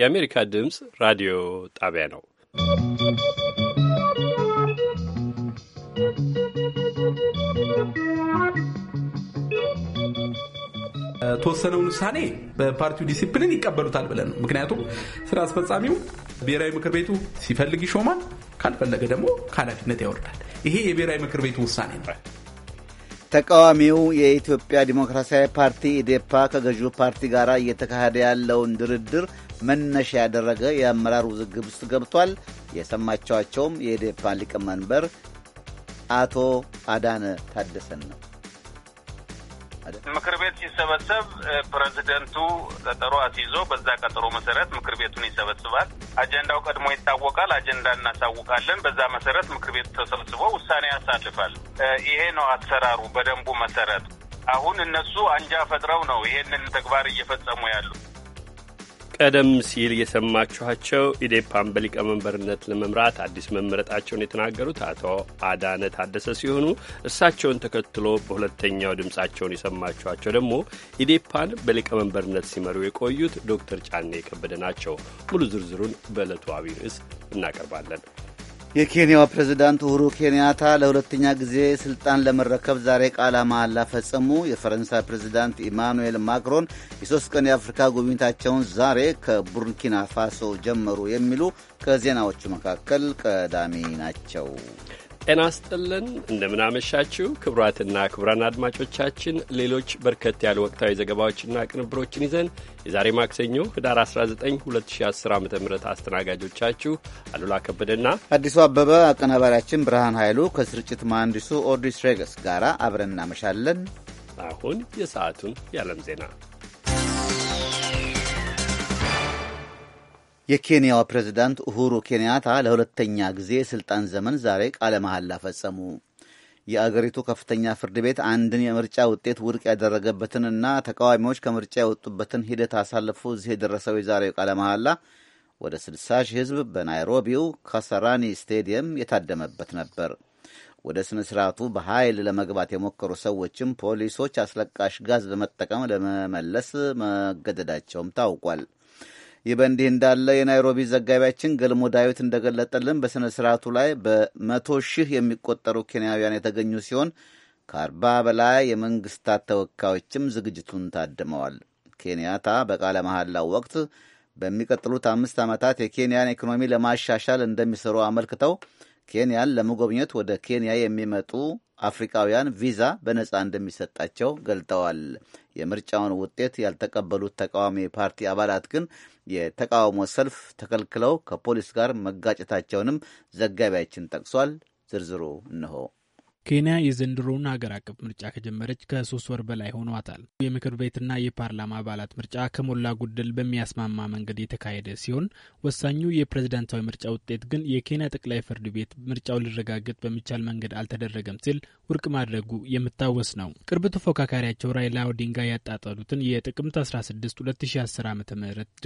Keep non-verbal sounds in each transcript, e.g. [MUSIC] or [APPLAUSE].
የአሜሪካ ድምፅ ራዲዮ ጣቢያ ነው። ተወሰነውን ውሳኔ በፓርቲው ዲሲፕሊን ይቀበሉታል ብለን ነው። ምክንያቱም ስራ አስፈጻሚው ብሔራዊ ምክር ቤቱ ሲፈልግ ይሾማል፣ ካልፈለገ ደግሞ ከኃላፊነት ያወርዳል። ይሄ የብሔራዊ ምክር ቤቱ ውሳኔ ነው። ተቃዋሚው የኢትዮጵያ ዲሞክራሲያዊ ፓርቲ ኢዴፓ ከገዢው ፓርቲ ጋር እየተካሄደ ያለውን ድርድር መነሻ ያደረገ የአመራር ውዝግብ ውስጥ ገብቷል። የሰማቸዋቸውም የኢዴፓ ሊቀመንበር አቶ አዳነ ታደሰን ነው። ምክር ቤት ሲሰበሰብ ፕሬዚደንቱ ቀጠሮ አስይዞ በዛ ቀጠሮ መሰረት ምክር ቤቱን ይሰበስባል። አጀንዳው ቀድሞ ይታወቃል። አጀንዳ እናሳውቃለን። በዛ መሰረት ምክር ቤቱ ተሰብስቦ ውሳኔ ያሳልፋል። ይሄ ነው አሰራሩ በደንቡ መሰረት። አሁን እነሱ አንጃ ፈጥረው ነው ይሄንን ተግባር እየፈጸሙ ያሉ ቀደም ሲል የሰማችኋቸው ኢዴፓን በሊቀመንበርነት ለመምራት አዲስ መመረጣቸውን የተናገሩት አቶ አዳነ ታደሰ ሲሆኑ እርሳቸውን ተከትሎ በሁለተኛው ድምፃቸውን የሰማችኋቸው ደግሞ ኢዴፓን በሊቀመንበርነት ሲመሩ የቆዩት ዶክተር ጫኔ የከበደ ናቸው። ሙሉ ዝርዝሩን በዕለቱ አብይ ርዕስ እናቀርባለን። የኬንያው ፕሬዝዳንት ኡሁሩ ኬንያታ ለሁለተኛ ጊዜ ስልጣን ለመረከብ ዛሬ ቃለ መሐላ ፈጸሙ። የፈረንሳይ ፕሬዝዳንት ኢማኑኤል ማክሮን የሶስት ቀን የአፍሪካ ጉብኝታቸውን ዛሬ ከቡርኪና ፋሶ ጀመሩ። የሚሉ ከዜናዎቹ መካከል ቀዳሚ ናቸው። ጤና ስጥልን እንደምናመሻችው ክቡራትና ክቡራን አድማጮቻችን ሌሎች በርከት ያሉ ወቅታዊ ዘገባዎችና ቅንብሮችን ይዘን የዛሬ ማክሰኞ ህዳር 19 2010 ዓ ም አስተናጋጆቻችሁ አሉላ ከበደና አዲሱ አበበ አቀናባሪያችን ብርሃን ኃይሉ ከስርጭት መሐንዲሱ ኦድሪስ ሬገስ ጋር አብረን እናመሻለን። አሁን የሰዓቱን የዓለም ዜና የኬንያው ፕሬዚዳንት ኡሁሩ ኬንያታ ለሁለተኛ ጊዜ የሥልጣን ዘመን ዛሬ ቃለ መሐላ ፈጸሙ። የአገሪቱ ከፍተኛ ፍርድ ቤት አንድን የምርጫ ውጤት ውድቅ ያደረገበትንና ተቃዋሚዎች ከምርጫ የወጡበትን ሂደት አሳልፎ እዚህ የደረሰው የዛሬው ቃለ መሐላ ወደ 60 ሺህ ሕዝብ በናይሮቢው ካሳራኒ ስቴዲየም የታደመበት ነበር። ወደ ሥነ ሥርዓቱ በኃይል ለመግባት የሞከሩ ሰዎችም ፖሊሶች አስለቃሽ ጋዝ በመጠቀም ለመመለስ መገደዳቸውም ታውቋል። ይህ በእንዲህ እንዳለ የናይሮቢ ዘጋቢያችን ገልሞ ዳዊት እንደገለጠልን በሥነ ሥርዓቱ ላይ በመቶ ሺህ የሚቆጠሩ ኬንያውያን የተገኙ ሲሆን ከአርባ በላይ የመንግስታት ተወካዮችም ዝግጅቱን ታድመዋል። ኬንያታ በቃለ መሐላው ወቅት በሚቀጥሉት አምስት ዓመታት የኬንያን ኢኮኖሚ ለማሻሻል እንደሚሰሩ አመልክተው ኬንያን ለመጎብኘት ወደ ኬንያ የሚመጡ አፍሪካውያን ቪዛ በነጻ እንደሚሰጣቸው ገልጠዋል። የምርጫውን ውጤት ያልተቀበሉት ተቃዋሚ ፓርቲ አባላት ግን የተቃውሞ ሰልፍ ተከልክለው ከፖሊስ ጋር መጋጨታቸውንም ዘጋቢያችን ጠቅሷል። ዝርዝሩ እንሆ። ኬንያ የዘንድሮውን ሀገር አቀፍ ምርጫ ከጀመረች ከሶስት ወር በላይ ሆኗታል። የምክር ቤትና የፓርላማ አባላት ምርጫ ከሞላ ጎደል በሚያስማማ መንገድ የተካሄደ ሲሆን ወሳኙ የፕሬዝዳንታዊ ምርጫ ውጤት ግን የኬንያ ጠቅላይ ፍርድ ቤት ምርጫው ሊረጋገጥ በሚቻል መንገድ አልተደረገም ሲል ውድቅ ማድረጉ የሚታወስ ነው። ቅርብ ተፎካካሪያቸው ራይላ ኦዲንጋ ያጣጠሉትን የጥቅምት 16 2010 ዓ ም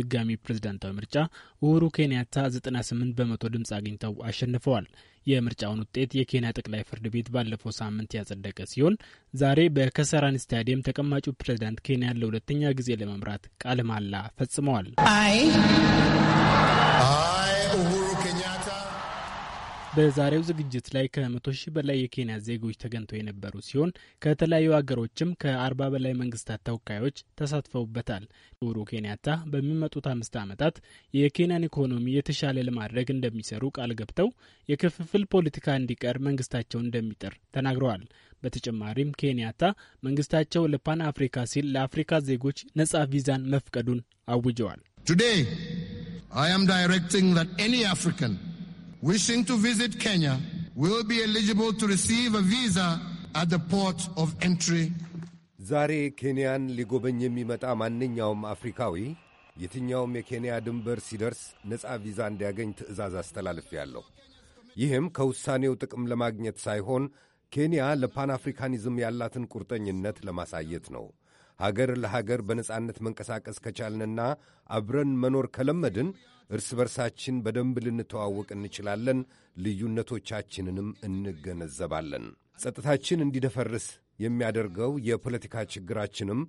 ድጋሚ ፕሬዝዳንታዊ ምርጫ ኡሁሩ ኬንያታ 98 በመቶ ድምፅ አግኝተው አሸንፈዋል። የምርጫውን ውጤት የኬንያ ጠቅላይ ፍርድ ቤት ባለፈው ሳምንት ያጸደቀ ሲሆን ዛሬ በከሰራን ስታዲየም ተቀማጩ ፕሬዝዳንት ኬንያን ለሁለተኛ ጊዜ ለመምራት ቃለ መሃላ ፈጽመዋል። በዛሬው ዝግጅት ላይ ከመቶ ሺህ በላይ የኬንያ ዜጎች ተገኝተው የነበሩ ሲሆን ከተለያዩ ሀገሮችም ከአርባ በላይ መንግስታት ተወካዮች ተሳትፈውበታል። ኡሁሩ ኬንያታ በሚመጡት አምስት ዓመታት የኬንያን ኢኮኖሚ የተሻለ ለማድረግ እንደሚሰሩ ቃል ገብተው የክፍፍል ፖለቲካ እንዲቀር መንግስታቸውን እንደሚጥር ተናግረዋል። በተጨማሪም ኬንያታ መንግስታቸው ለፓን አፍሪካ ሲል ለአፍሪካ ዜጎች ነጻ ቪዛን መፍቀዱን አውጀዋል። ቱዴይ አይ አም ዳይሬክቲንግ ዛት ኤኒ አፍሪካን wishing to visit Kenya will be eligible to receive a visa at the port of entry. ዛሬ ኬንያን ሊጎበኝ የሚመጣ ማንኛውም አፍሪካዊ የትኛውም የኬንያ ድንበር ሲደርስ ነፃ ቪዛ እንዲያገኝ ትዕዛዝ አስተላልፌአለሁ። ይህም ከውሳኔው ጥቅም ለማግኘት ሳይሆን ኬንያ ለፓን አፍሪካኒዝም ያላትን ቁርጠኝነት ለማሳየት ነው። ሀገር ለሀገር በነፃነት መንቀሳቀስ ከቻልንና አብረን መኖር ከለመድን እርስ በርሳችን በደንብ ልንተዋወቅ እንችላለን፣ ልዩነቶቻችንንም እንገነዘባለን። ጸጥታችን እንዲደፈርስ የሚያደርገው የፖለቲካ ችግራችንም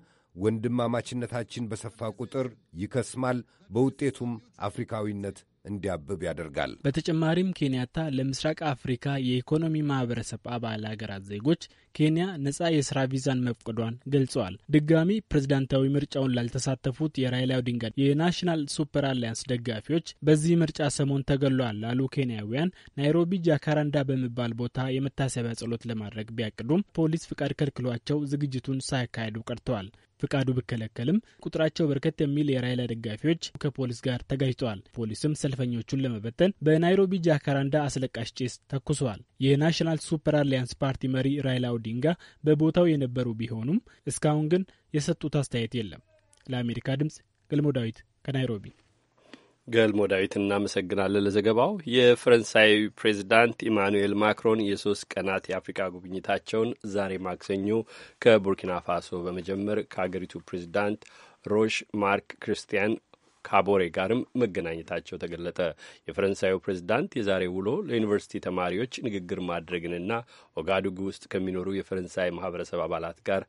ወንድማማችነታችን በሰፋ ቁጥር ይከስማል። በውጤቱም አፍሪካዊነት እንዲያብብ ያደርጋል። በተጨማሪም ኬንያታ ለምስራቅ አፍሪካ የኢኮኖሚ ማህበረሰብ አባል ሀገራት ዜጎች ኬንያ ነጻ የስራ ቪዛን መፍቀዷን ገልጸዋል። ድጋሚ ፕሬዝዳንታዊ ምርጫውን ላልተሳተፉት የራይላ ኦዲንጋ የናሽናል ሱፐር አሊያንስ ደጋፊዎች በዚህ ምርጫ ሰሞን ተገሏል ላሉ ኬንያውያን ናይሮቢ ጃካራንዳ በሚባል ቦታ የመታሰቢያ ጸሎት ለማድረግ ቢያቅዱም ፖሊስ ፍቃድ ከልክሏቸው ዝግጅቱን ሳያካሄዱ ቀርተዋል። ፍቃዱ ቢከለከልም ቁጥራቸው በርከት የሚል የራይላ ደጋፊዎች ከፖሊስ ጋር ተጋጅተዋል። ፖሊስም ሰልፈኞቹን ለመበተን በናይሮቢ ጃካራንዳ አስለቃሽ ጭስ ተኩሰዋል። የናሽናል ሱፐር አሊያንስ ፓርቲ መሪ ራይላ ኦዲንጋ በቦታው የነበሩ ቢሆኑም እስካሁን ግን የሰጡት አስተያየት የለም። ለአሜሪካ ድምጽ ገልሞ ዳዊት ከናይሮቢ ገልሞ ዳዊት እናመሰግናለን ለዘገባው። የፈረንሳይ ፕሬዚዳንት ኢማኑኤል ማክሮን የሶስት ቀናት የአፍሪካ ጉብኝታቸውን ዛሬ ማክሰኞ ከቡርኪና ፋሶ በመጀመር ከአገሪቱ ፕሬዚዳንት ሮሽ ማርክ ክርስቲያን ካቦሬ ጋርም መገናኘታቸው ተገለጠ። የፈረንሳዩ ፕሬዝዳንት የዛሬ ውሎ ለዩኒቨርሲቲ ተማሪዎች ንግግር ማድረግንና ኦጋዱጉ ውስጥ ከሚኖሩ የፈረንሳይ ማህበረሰብ አባላት ጋር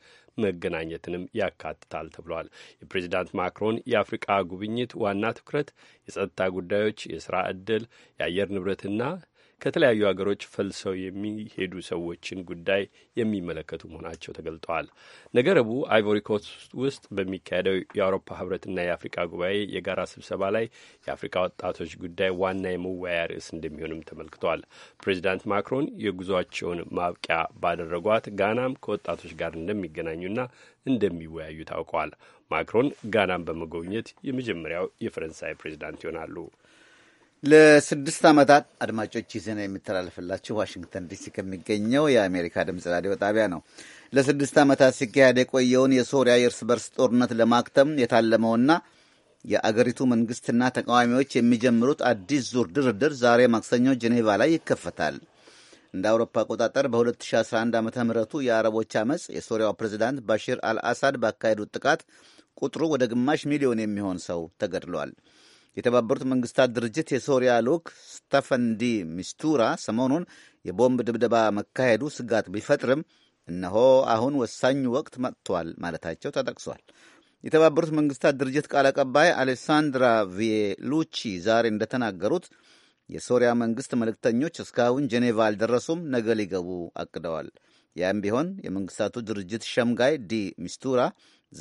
መገናኘትንም ያካትታል ተብሏል። የፕሬዚዳንት ማክሮን የአፍሪቃ ጉብኝት ዋና ትኩረት የጸጥታ ጉዳዮች፣ የስራ ዕድል፣ የአየር ንብረትና ከተለያዩ ሀገሮች ፈልሰው የሚሄዱ ሰዎችን ጉዳይ የሚመለከቱ መሆናቸው ተገልጠዋል። ነገ ረቡዕ አይቮሪኮስ ውስጥ በሚካሄደው የአውሮፓ ህብረትና የአፍሪካ ጉባኤ የጋራ ስብሰባ ላይ የአፍሪካ ወጣቶች ጉዳይ ዋና የመወያያ ርዕስ እንደሚሆንም ተመልክቷል። ፕሬዚዳንት ማክሮን የጉዟቸውን ማብቂያ ባደረጓት ጋናም ከወጣቶች ጋር እንደሚገናኙና እንደሚወያዩ ታውቋል። ማክሮን ጋናን በመጎብኘት የመጀመሪያው የፈረንሳይ ፕሬዚዳንት ይሆናሉ። ለስድስት ዓመታት አድማጮች ዜና የሚተላለፍላችሁ ዋሽንግተን ዲሲ ከሚገኘው የአሜሪካ ድምፅ ራዲዮ ጣቢያ ነው። ለስድስት ዓመታት ሲካሄድ የቆየውን የሶሪያ የእርስ በርስ ጦርነት ለማክተም የታለመውና የአገሪቱ መንግስትና ተቃዋሚዎች የሚጀምሩት አዲስ ዙር ድርድር ዛሬ ማክሰኞ ጄኔቫ ላይ ይከፈታል። እንደ አውሮፓ አቆጣጠር በ2011 ዓ ምህረቱ የአረቦች ዓመፅ የሶሪያው ፕሬዚዳንት ባሽር አልአሳድ ባካሄዱት ጥቃት ቁጥሩ ወደ ግማሽ ሚሊዮን የሚሆን ሰው ተገድሏል። የተባበሩት መንግስታት ድርጅት የሶሪያ ልዑክ ስተፈንዲ ሚስቱራ ሰሞኑን የቦምብ ድብደባ መካሄዱ ስጋት ቢፈጥርም እነሆ አሁን ወሳኙ ወቅት መጥቷል ማለታቸው ተጠቅሷል። የተባበሩት መንግስታት ድርጅት ቃል አቀባይ አሌሳንድራ ቪሉቺ ዛሬ እንደተናገሩት የሶሪያ መንግስት መልእክተኞች እስካሁን ጄኔቫ አልደረሱም፣ ነገ ሊገቡ አቅደዋል። ያም ቢሆን የመንግስታቱ ድርጅት ሸምጋይ ዲ ሚስቱራ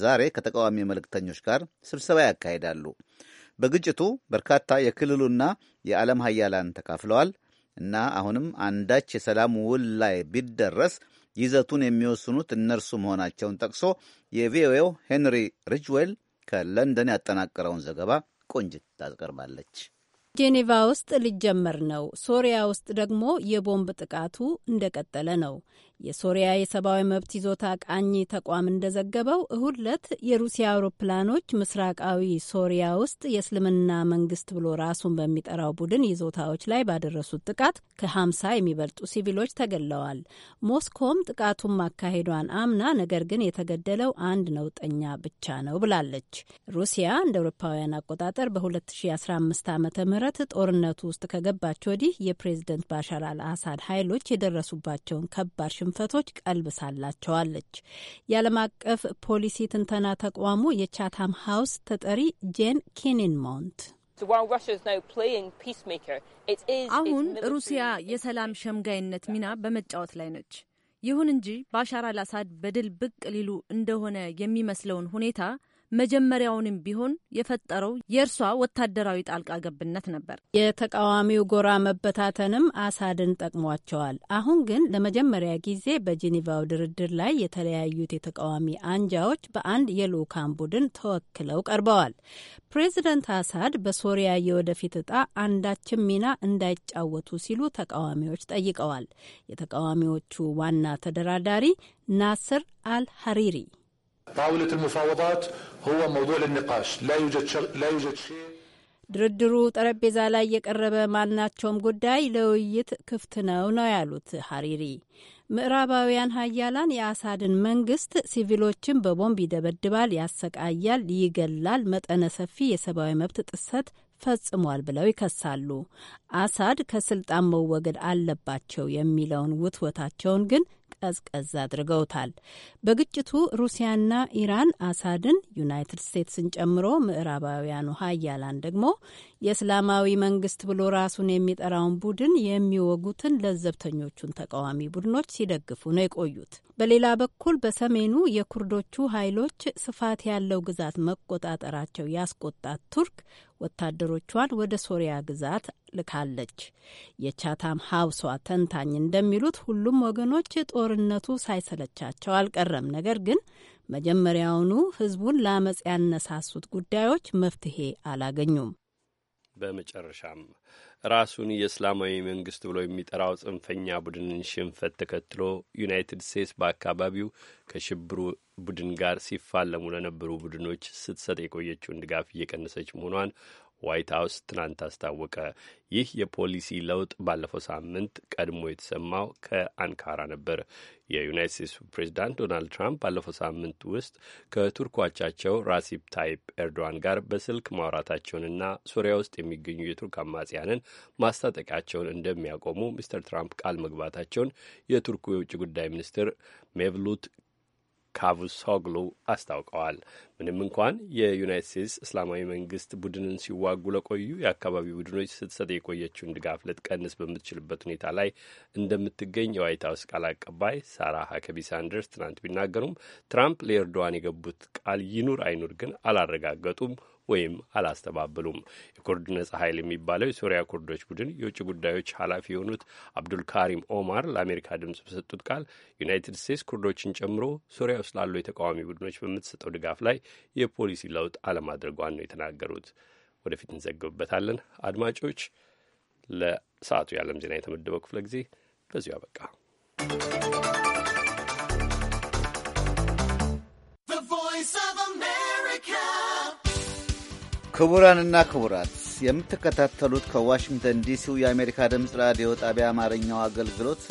ዛሬ ከተቃዋሚ መልእክተኞች ጋር ስብሰባ ያካሂዳሉ። በግጭቱ በርካታ የክልሉና የዓለም ሀያላን ተካፍለዋል እና አሁንም አንዳች የሰላም ውል ላይ ቢደረስ ይዘቱን የሚወስኑት እነርሱ መሆናቸውን ጠቅሶ የቪኦኤው ሄንሪ ሪጅዌል ከለንደን ያጠናቀረውን ዘገባ ቆንጅት ታቀርባለች። ጄኔቫ ውስጥ ሊጀመር ነው። ሶሪያ ውስጥ ደግሞ የቦምብ ጥቃቱ እንደቀጠለ ነው። የሶሪያ የሰብአዊ መብት ይዞታ ቃኝ ተቋም እንደዘገበው እሁድ ዕለት የሩሲያ አውሮፕላኖች ምስራቃዊ ሶሪያ ውስጥ የእስልምና መንግስት ብሎ ራሱን በሚጠራው ቡድን ይዞታዎች ላይ ባደረሱት ጥቃት ከሀምሳ የሚበልጡ ሲቪሎች ተገድለዋል። ሞስኮም ጥቃቱን ማካሄዷን አምና ነገር ግን የተገደለው አንድ ነውጠኛ ብቻ ነው ብላለች። ሩሲያ እንደ አውሮፓውያን አቆጣጠር በ2015 ዓ ም ጦርነቱ ውስጥ ከገባች ወዲህ የፕሬዝደንት ባሻር አልአሳድ ኃይሎች የደረሱባቸውን ከባድ ሽንፈቶች ሳላቸዋለች። የዓለም አቀፍ ፖሊሲ ትንተና ተቋሙ የቻታም ሀውስ ተጠሪ ጄን ኬኒንማውንት አሁን ሩሲያ የሰላም ሸምጋይነት ሚና በመጫወት ላይ ነች። ይሁን እንጂ ባሻር አል አሳድ በድል ብቅ ሊሉ እንደሆነ የሚመስለውን ሁኔታ መጀመሪያውንም ቢሆን የፈጠረው የእርሷ ወታደራዊ ጣልቃ ገብነት ነበር። የተቃዋሚው ጎራ መበታተንም አሳድን ጠቅሟቸዋል። አሁን ግን ለመጀመሪያ ጊዜ በጄኔቫው ድርድር ላይ የተለያዩት የተቃዋሚ አንጃዎች በአንድ የልኡካን ቡድን ተወክለው ቀርበዋል። ፕሬዚደንት አሳድ በሶሪያ የወደፊት እጣ አንዳችም ሚና እንዳይጫወቱ ሲሉ ተቃዋሚዎች ጠይቀዋል። የተቃዋሚዎቹ ዋና ተደራዳሪ ናስር አልሐሪሪ موضوع للنقاش لا يوجد شغ... لا يوجد شيء ድርድሩ ጠረጴዛ ላይ የቀረበ ማናቸውም ጉዳይ ለውይይት ክፍት ነው ነው ያሉት ሐሪሪ። ምዕራባውያን ሀያላን የአሳድን መንግስት ሲቪሎችን በቦምብ ይደበድባል፣ ያሰቃያል፣ ይገላል፣ መጠነ ሰፊ የሰብአዊ መብት ጥሰት ፈጽሟል ብለው ይከሳሉ። አሳድ ከስልጣን መወገድ አለባቸው የሚለውን ውትወታቸውን ግን ቀዝቀዝ አድርገውታል። በግጭቱ ሩሲያና ኢራን አሳድን፣ ዩናይትድ ስቴትስን ጨምሮ ምዕራባውያኑ ሀያላን ደግሞ የእስላማዊ መንግስት ብሎ ራሱን የሚጠራውን ቡድን የሚወጉትን ለዘብተኞቹን ተቃዋሚ ቡድኖች ሲደግፉ ነው የቆዩት። በሌላ በኩል በሰሜኑ የኩርዶቹ ኃይሎች ስፋት ያለው ግዛት መቆጣጠራቸው ያስቆጣት ቱርክ ወታደሮቿን ወደ ሶሪያ ግዛት ልካለች። የቻታም ሀውሷ ተንታኝ እንደሚሉት ሁሉም ወገኖች ጦርነቱ ሳይሰለቻቸው አልቀረም። ነገር ግን መጀመሪያውኑ ህዝቡን ለአመፅ ያነሳሱት ጉዳዮች መፍትሄ አላገኙም። በመጨረሻም ራሱን የእስላማዊ መንግስት ብሎ የሚጠራው ጽንፈኛ ቡድንን ሽንፈት ተከትሎ ዩናይትድ ስቴትስ በአካባቢው ከሽብሩ ቡድን ጋር ሲፋለሙ ለነበሩ ቡድኖች ስትሰጥ የቆየችውን ድጋፍ እየቀነሰች መሆኗን ዋይት ሀውስ ትናንት አስታወቀ። ይህ የፖሊሲ ለውጥ ባለፈው ሳምንት ቀድሞ የተሰማው ከአንካራ ነበር። የዩናይት ስቴትስ ፕሬዚዳንት ዶናልድ ትራምፕ ባለፈው ሳምንት ውስጥ ከቱርኳቻቸው ራሲፕ ታይፕ ኤርዶዋን ጋር በስልክ ማውራታቸውንና ሶሪያ ውስጥ የሚገኙ የቱርክ አማጽያንን ማስታጠቂያቸውን እንደሚያቆሙ ሚስተር ትራምፕ ቃል መግባታቸውን የቱርኩ የውጭ ጉዳይ ሚኒስትር ሜቭሉት ካቡሶግሉ አስታውቀዋል። ምንም እንኳን የዩናይት ስቴትስ እስላማዊ መንግስት ቡድንን ሲዋጉ ለቆዩ የአካባቢ ቡድኖች ስትሰጥ የቆየችውን ድጋፍ ልትቀንስ በምትችልበት ሁኔታ ላይ እንደምትገኝ የዋይት ሀውስ ቃል አቀባይ ሳራ ሀከቢ ሳንደርስ ትናንት ቢናገሩም ትራምፕ ለኤርዶዋን የገቡት ቃል ይኑር አይኑር ግን አላረጋገጡም። ወይም አላስተባበሉም። የኩርድ ነጻ ኃይል የሚባለው የሶሪያ ኩርዶች ቡድን የውጭ ጉዳዮች ኃላፊ የሆኑት አብዱልካሪም ኦማር ለአሜሪካ ድምፅ በሰጡት ቃል ዩናይትድ ስቴትስ ኩርዶችን ጨምሮ ሶሪያ ውስጥ ላሉ የተቃዋሚ ቡድኖች በምትሰጠው ድጋፍ ላይ የፖሊሲ ለውጥ አለማድረጓን ነው የተናገሩት። ወደፊት እንዘግብበታለን። አድማጮች፣ ለሰዓቱ የዓለም ዜና የተመደበው ክፍለ ጊዜ በዚሁ አበቃ። ክቡራንና ክቡራት የምትከታተሉት ከዋሽንግተን ዲሲው የአሜሪካ ድምፅ ራዲዮ ጣቢያ አማርኛው አገልግሎት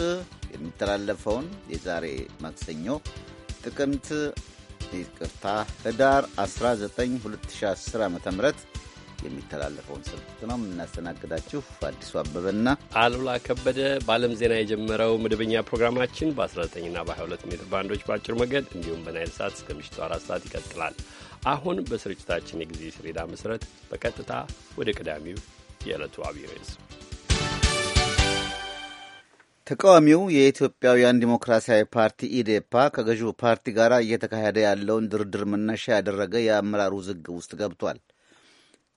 የሚተላለፈውን የዛሬ ማክሰኞ ጥቅምት ይቅርታ ህዳር 19 2010 ዓ ም የሚተላለፈውን ስርጭት ነው የምናስተናግዳችሁ አዲሱ አበበና አሉላ ከበደ። በዓለም ዜና የጀመረው መደበኛ ፕሮግራማችን በ19ና በ22 ሜትር ባንዶች በአጭር ሞገድ እንዲሁም በናይል ሰዓት እስከ ምሽቱ አራት ሰዓት ይቀጥላል። አሁን በስርጭታችን የጊዜ ሰሌዳ መሠረት በቀጥታ ወደ ቀዳሚው የዕለቱ አብይ ርዕስ ተቃዋሚው የኢትዮጵያውያን ዲሞክራሲያዊ ፓርቲ ኢዴፓ ከገዢው ፓርቲ ጋር እየተካሄደ ያለውን ድርድር መነሻ ያደረገ የአመራር ውዝግብ ውስጥ ገብቷል።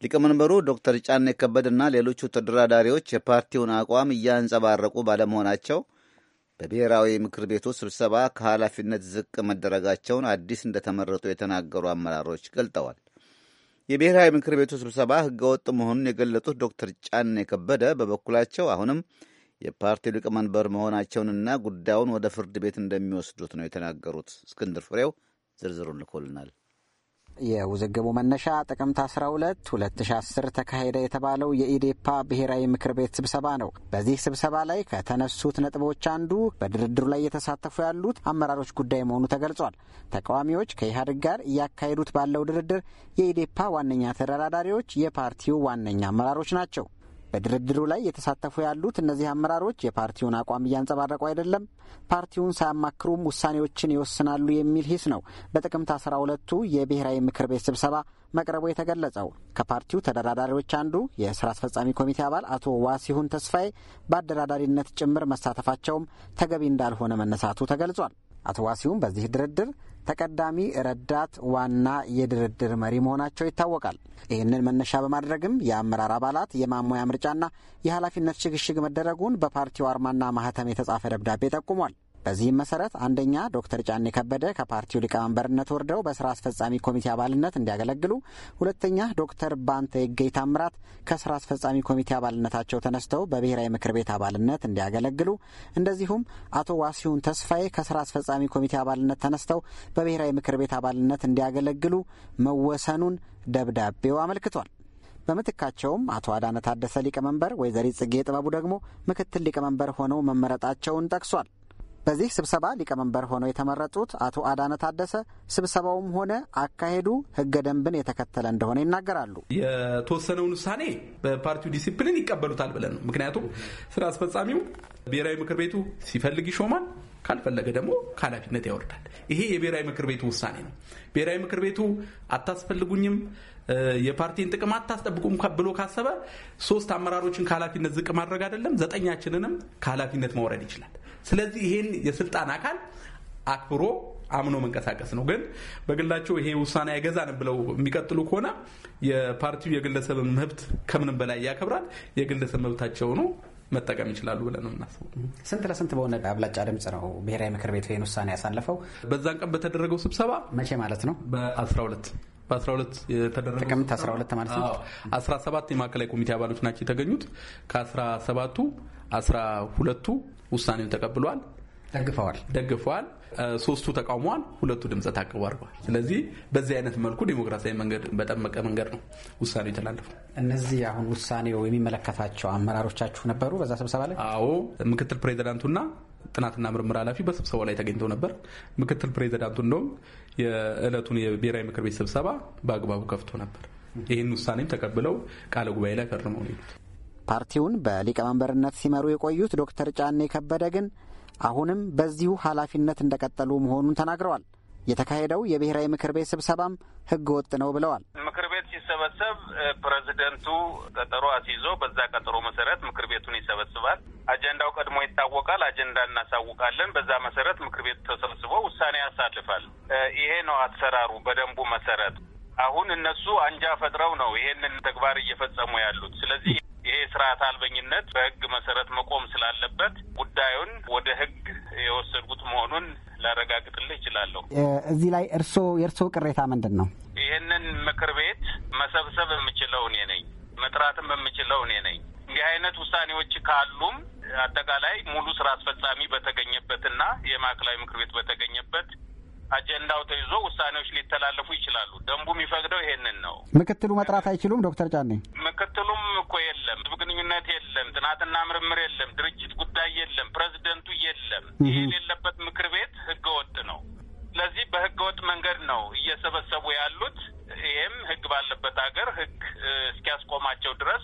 ሊቀመንበሩ ዶክተር ጫኔ ከበድና ሌሎቹ ተደራዳሪዎች የፓርቲውን አቋም እያንጸባረቁ ባለመሆናቸው በብሔራዊ ምክር ቤቱ ስብሰባ ከኃላፊነት ዝቅ መደረጋቸውን አዲስ እንደተመረጡ የተናገሩ አመራሮች ገልጠዋል። የብሔራዊ ምክር ቤቱ ስብሰባ ህገወጥ መሆኑን የገለጡት ዶክተር ጫኔ ከበደ በበኩላቸው አሁንም የፓርቲው ሊቀመንበር መሆናቸውንና ጉዳዩን ወደ ፍርድ ቤት እንደሚወስዱት ነው የተናገሩት። እስክንድር ፍሬው ዝርዝሩን ልኮልናል። የውዝግቡ መነሻ ጥቅምት 12 2010 ተካሄደ የተባለው የኢዴፓ ብሔራዊ ምክር ቤት ስብሰባ ነው። በዚህ ስብሰባ ላይ ከተነሱት ነጥቦች አንዱ በድርድሩ ላይ እየተሳተፉ ያሉት አመራሮች ጉዳይ መሆኑ ተገልጿል። ተቃዋሚዎች ከኢህአዴግ ጋር እያካሄዱት ባለው ድርድር የኢዴፓ ዋነኛ ተደራዳሪዎች የፓርቲው ዋነኛ አመራሮች ናቸው። በድርድሩ ላይ የተሳተፉ ያሉት እነዚህ አመራሮች የፓርቲውን አቋም እያንጸባረቁ አይደለም፣ ፓርቲውን ሳያማክሩም ውሳኔዎችን ይወስናሉ የሚል ሂስ ነው በጥቅምት አስራ ሁለቱ የብሔራዊ ምክር ቤት ስብሰባ መቅረቡ የተገለጸው። ከፓርቲው ተደራዳሪዎች አንዱ የስራ አስፈጻሚ ኮሚቴ አባል አቶ ዋሲሁን ተስፋዬ በአደራዳሪነት ጭምር መሳተፋቸውም ተገቢ እንዳልሆነ መነሳቱ ተገልጿል። አቶ ዋሲሁም በዚህ ድርድር ተቀዳሚ ረዳት ዋና የድርድር መሪ መሆናቸው ይታወቃል። ይህንን መነሻ በማድረግም የአመራር አባላት የማሞያ ምርጫና የኃላፊነት ሽግሽግ መደረጉን በፓርቲው አርማና ማህተም የተጻፈ ደብዳቤ ጠቁሟል። በዚህም መሰረት አንደኛ ዶክተር ጫኔ ከበደ ከፓርቲው ሊቀመንበርነት ወርደው በስራ አስፈጻሚ ኮሚቴ አባልነት እንዲያገለግሉ፣ ሁለተኛ ዶክተር ባንተ የገይ ታምራት ከስራ አስፈጻሚ ኮሚቴ አባልነታቸው ተነስተው በብሔራዊ ምክር ቤት አባልነት እንዲያገለግሉ፣ እንደዚሁም አቶ ዋሲሁን ተስፋዬ ከስራ አስፈጻሚ ኮሚቴ አባልነት ተነስተው በብሔራዊ ምክር ቤት አባልነት እንዲያገለግሉ መወሰኑን ደብዳቤው አመልክቷል። በምትካቸውም አቶ አዳነ ታደሰ ሊቀመንበር፣ ወይዘሪት ጽጌ ጥበቡ ደግሞ ምክትል ሊቀመንበር ሆነው መመረጣቸውን ጠቅሷል። በዚህ ስብሰባ ሊቀመንበር ሆነው የተመረጡት አቶ አዳነ ታደሰ ስብሰባውም ሆነ አካሄዱ ህገ ደንብን የተከተለ እንደሆነ ይናገራሉ። የተወሰነውን ውሳኔ በፓርቲው ዲሲፕሊን ይቀበሉታል ብለን ነው። ምክንያቱም ስራ አስፈጻሚው ብሔራዊ ምክር ቤቱ ሲፈልግ ይሾማል፣ ካልፈለገ ደግሞ ከኃላፊነት ያወርዳል። ይሄ የብሔራዊ ምክር ቤቱ ውሳኔ ነው። ብሔራዊ ምክር ቤቱ አታስፈልጉኝም የፓርቲን ጥቅም አታስጠብቁም ብሎ ካሰበ ሶስት አመራሮችን ከኃላፊነት ዝቅ ማድረግ አይደለም፣ ዘጠኛችንንም ከኃላፊነት ማውረድ ይችላል። ስለዚህ ይህን የስልጣን አካል አክብሮ አምኖ መንቀሳቀስ ነው። ግን በግላቸው ይሄ ውሳኔ አይገዛንም ብለው የሚቀጥሉ ከሆነ የፓርቲው የግለሰብን መብት ከምንም በላይ ያከብራል። የግለሰብ መብታቸው ነው መጠቀም ይችላሉ ብለን ነው የምናስበው። ስንት ለስንት በሆነ አብላጫ ድምፅ ነው ብሔራዊ ምክር ቤቱ ይህን ውሳኔ ያሳለፈው። በዛን ቀን በተደረገው ስብሰባ መቼ ማለት ነው በ12 በ12 ጥቅምት 12 ማለት ነው። 17 የማዕከላዊ ኮሚቴ አባሎች ናቸው የተገኙት። ከ17ቱ 12ቱ ውሳኔውን ተቀብሏል፣ ደግፈዋል ደግፈዋል። ሶስቱ ተቃውመዋል፣ ሁለቱ ድምፀ ታቅቦ አድርገዋል። ስለዚህ በዚህ አይነት መልኩ ዴሞክራሲያዊ መንገድ በጠመቀ መንገድ ነው ውሳኔው የተላለፉ። እነዚህ አሁን ውሳኔው የሚመለከታቸው አመራሮቻችሁ ነበሩ በዛ ስብሰባ ላይ? አዎ ምክትል ፕሬዚዳንቱና ጥናትና ምርምር ኃላፊ በስብሰባው ላይ ተገኝተው ነበር። ምክትል ፕሬዚዳንቱ እንደውም የእለቱን የብሔራዊ ምክር ቤት ስብሰባ በአግባቡ ከፍቶ ነበር። ይህን ውሳኔም ተቀብለው ቃለ ጉባኤ ላይ ፈርመው ነው የሄዱት። ፓርቲውን በሊቀመንበርነት ሲመሩ የቆዩት ዶክተር ጫኔ ከበደ ግን አሁንም በዚሁ ኃላፊነት እንደቀጠሉ መሆኑን ተናግረዋል። የተካሄደው የብሔራዊ ምክር ቤት ስብሰባም ሕገ ወጥ ነው ብለዋል። ምክር ቤት ሲሰበሰብ ፕሬዚደንቱ ቀጠሮ አስይዞ በዛ ቀጠሮ መሰረት ምክር ቤቱን ይሰበስባል። አጀንዳው ቀድሞ ይታወቃል። አጀንዳ እናሳውቃለን። በዛ መሰረት ምክር ቤቱ ተሰብስቦ ውሳኔ ያሳልፋል። ይሄ ነው አሰራሩ በደንቡ መሰረት። አሁን እነሱ አንጃ ፈጥረው ነው ይሄንን ተግባር እየፈጸሙ ያሉት። ስለዚህ ይሄ ስርዓት አልበኝነት በህግ መሰረት መቆም ስላለበት ጉዳዩን ወደ ህግ የወሰድኩት መሆኑን ላረጋግጥልህ እችላለሁ። እዚህ ላይ እርስዎ የእርስዎ ቅሬታ ምንድን ነው? ይህንን ምክር ቤት መሰብሰብ የምችለው እኔ ነኝ፣ መጥራትም የምችለው እኔ ነኝ። እንዲህ አይነት ውሳኔዎች ካሉም አጠቃላይ ሙሉ ስራ አስፈጻሚ በተገኘበትና የማዕከላዊ ምክር ቤት በተገኘበት አጀንዳው ተይዞ ውሳኔዎች ሊተላለፉ ይችላሉ። ደንቡ የሚፈቅደው ይሄንን ነው። ምክትሉ መጥራት አይችሉም። ዶክተር ጫኔ ምክትሉም እኮ የለም፣ ህዝብ ግንኙነት የለም፣ ጥናትና ምርምር የለም፣ ድርጅት ጉዳይ የለም፣ ፕሬዚደንቱ የለም። ይሄ የሌለበት ምክር ቤት ህገወጥ ነው። ስለዚህ በህገወጥ መንገድ ነው እየሰበሰቡ ያሉት። ይህም ህግ ባለበት ሀገር ህግ እስኪያስቆማቸው ድረስ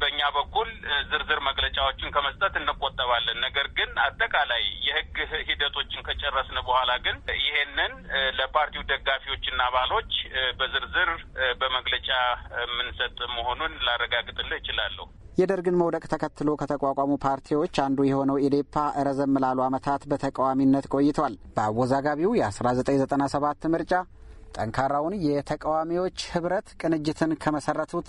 በእኛ በኩል ዝርዝር መግለጫዎችን ከመስጠት እንቆጠባለን። ነገር ግን አጠቃላይ የህግ ሂደቶችን ከጨረስን በኋላ ግን ይሄንን ለፓርቲው ደጋፊዎችና አባሎች በዝርዝር በመግለጫ የምንሰጥ መሆኑን ላረጋግጥልህ እችላለሁ። የደርግን መውደቅ ተከትሎ ከተቋቋሙ ፓርቲዎች አንዱ የሆነው ኢዴፓ ረዘም ላሉ ዓመታት በተቃዋሚነት ቆይቷል። በአወዛጋቢው የ1997 ምርጫ ጠንካራውን የተቃዋሚዎች ህብረት ቅንጅትን ከመሰረቱት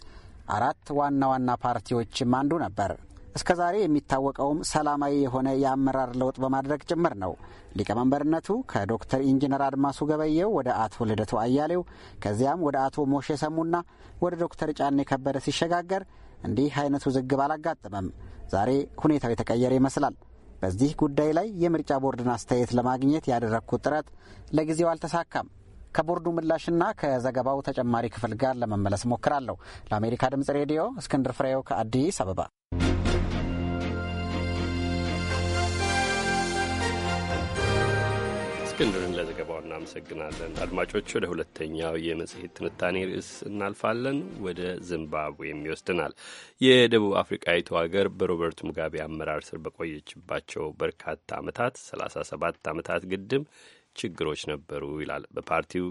አራት ዋና ዋና ፓርቲዎችም አንዱ ነበር። እስከ ዛሬ የሚታወቀውም ሰላማዊ የሆነ የአመራር ለውጥ በማድረግ ጭምር ነው። ሊቀመንበርነቱ ከዶክተር ኢንጂነር አድማሱ ገበየው ወደ አቶ ልደቱ አያሌው ከዚያም ወደ አቶ ሞሼ ሰሙና ወደ ዶክተር ጫኔ ከበደ ሲሸጋገር እንዲህ አይነቱ ዝግብ አላጋጠመም። ዛሬ ሁኔታው የተቀየረ ይመስላል። በዚህ ጉዳይ ላይ የምርጫ ቦርድን አስተያየት ለማግኘት ያደረግኩት ጥረት ለጊዜው አልተሳካም። ከቦርዱ ምላሽና ከዘገባው ተጨማሪ ክፍል ጋር ለመመለስ ሞክራለሁ። ለአሜሪካ ድምጽ ሬዲዮ እስክንድር ፍሬው ከአዲስ አበባ። እስክንድርን ለዘገባው እናመሰግናለን። አድማጮች ወደ ሁለተኛው የመጽሔት ትንታኔ ርዕስ እናልፋለን። ወደ ዚምባብዌም ይወስድናል። የደቡብ አፍሪቃዊቱ ሀገር በሮበርት ሙጋቤ አመራር ስር በቆየችባቸው በርካታ ዓመታት 37 ዓመታት ግድም ችግሮች ነበሩ ይላል። በፓርቲው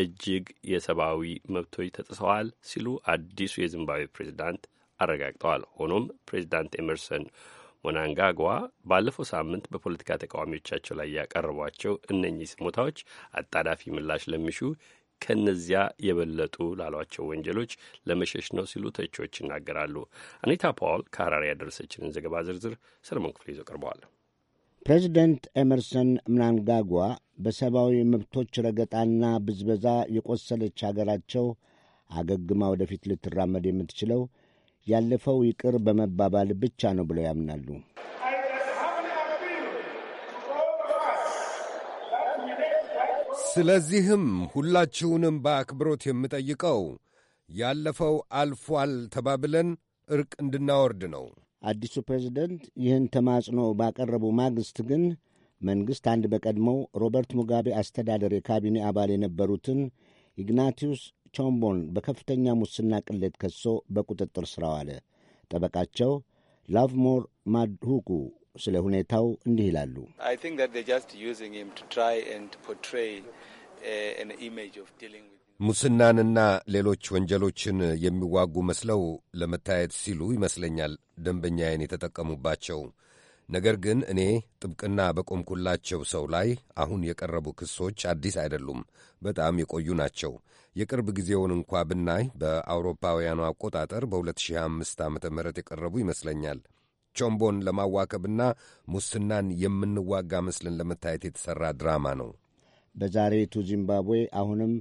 እጅግ የሰብአዊ መብቶች ተጥሰዋል ሲሉ አዲሱ የዚምባብዌ ፕሬዚዳንት አረጋግጠዋል። ሆኖም ፕሬዚዳንት ኤመርሰን ሞናንጋጓ ባለፈው ሳምንት በፖለቲካ ተቃዋሚዎቻቸው ላይ ያቀረቧቸው እነኚህ ስሞታዎች አጣዳፊ ምላሽ ለሚሹ ከነዚያ የበለጡ ላሏቸው ወንጀሎች ለመሸሽ ነው ሲሉ ተቺዎች ይናገራሉ። አኒታ ፓውል ከሐራሪ ያደረሰችንን ዘገባ ዝርዝር ሰለሞን ክፍሌ ይዞ ቀርበዋል። ፕሬዚደንት ኤመርሰን ምናንጋጓ በሰብአዊ መብቶች ረገጣና ብዝበዛ የቆሰለች አገራቸው አገግማ ወደፊት ልትራመድ የምትችለው ያለፈው ይቅር በመባባል ብቻ ነው ብለው ያምናሉ። ስለዚህም ሁላችሁንም በአክብሮት የምጠይቀው ያለፈው አልፏል ተባብለን ዕርቅ እንድናወርድ ነው። አዲሱ ፕሬዝደንት ይህን ተማጽኖ ባቀረቡ ማግስት ግን መንግሥት አንድ በቀድሞው ሮበርት ሙጋቤ አስተዳደር የካቢኔ አባል የነበሩትን ኢግናቲዩስ ቾምቦን በከፍተኛ ሙስና ቅሌት ከሶ በቁጥጥር ሥር አዋለ። ጠበቃቸው ላቭሞር ማድሁጉ ስለ ሁኔታው እንዲህ ይላሉ። uh, ሙስናንና ሌሎች ወንጀሎችን የሚዋጉ መስለው ለመታየት ሲሉ ይመስለኛል ደንበኛዬን የተጠቀሙባቸው። ነገር ግን እኔ ጥብቅና በቆምኩላቸው ሰው ላይ አሁን የቀረቡ ክሶች አዲስ አይደሉም፣ በጣም የቆዩ ናቸው። የቅርብ ጊዜውን እንኳ ብናይ በአውሮፓውያኑ አቆጣጠር በ2005 ዓ ም የቀረቡ ይመስለኛል። ቾምቦን ለማዋከብና ሙስናን የምንዋጋ መስልን ለመታየት የተሠራ ድራማ ነው። በዛሬቱ ዚምባብዌ አሁንም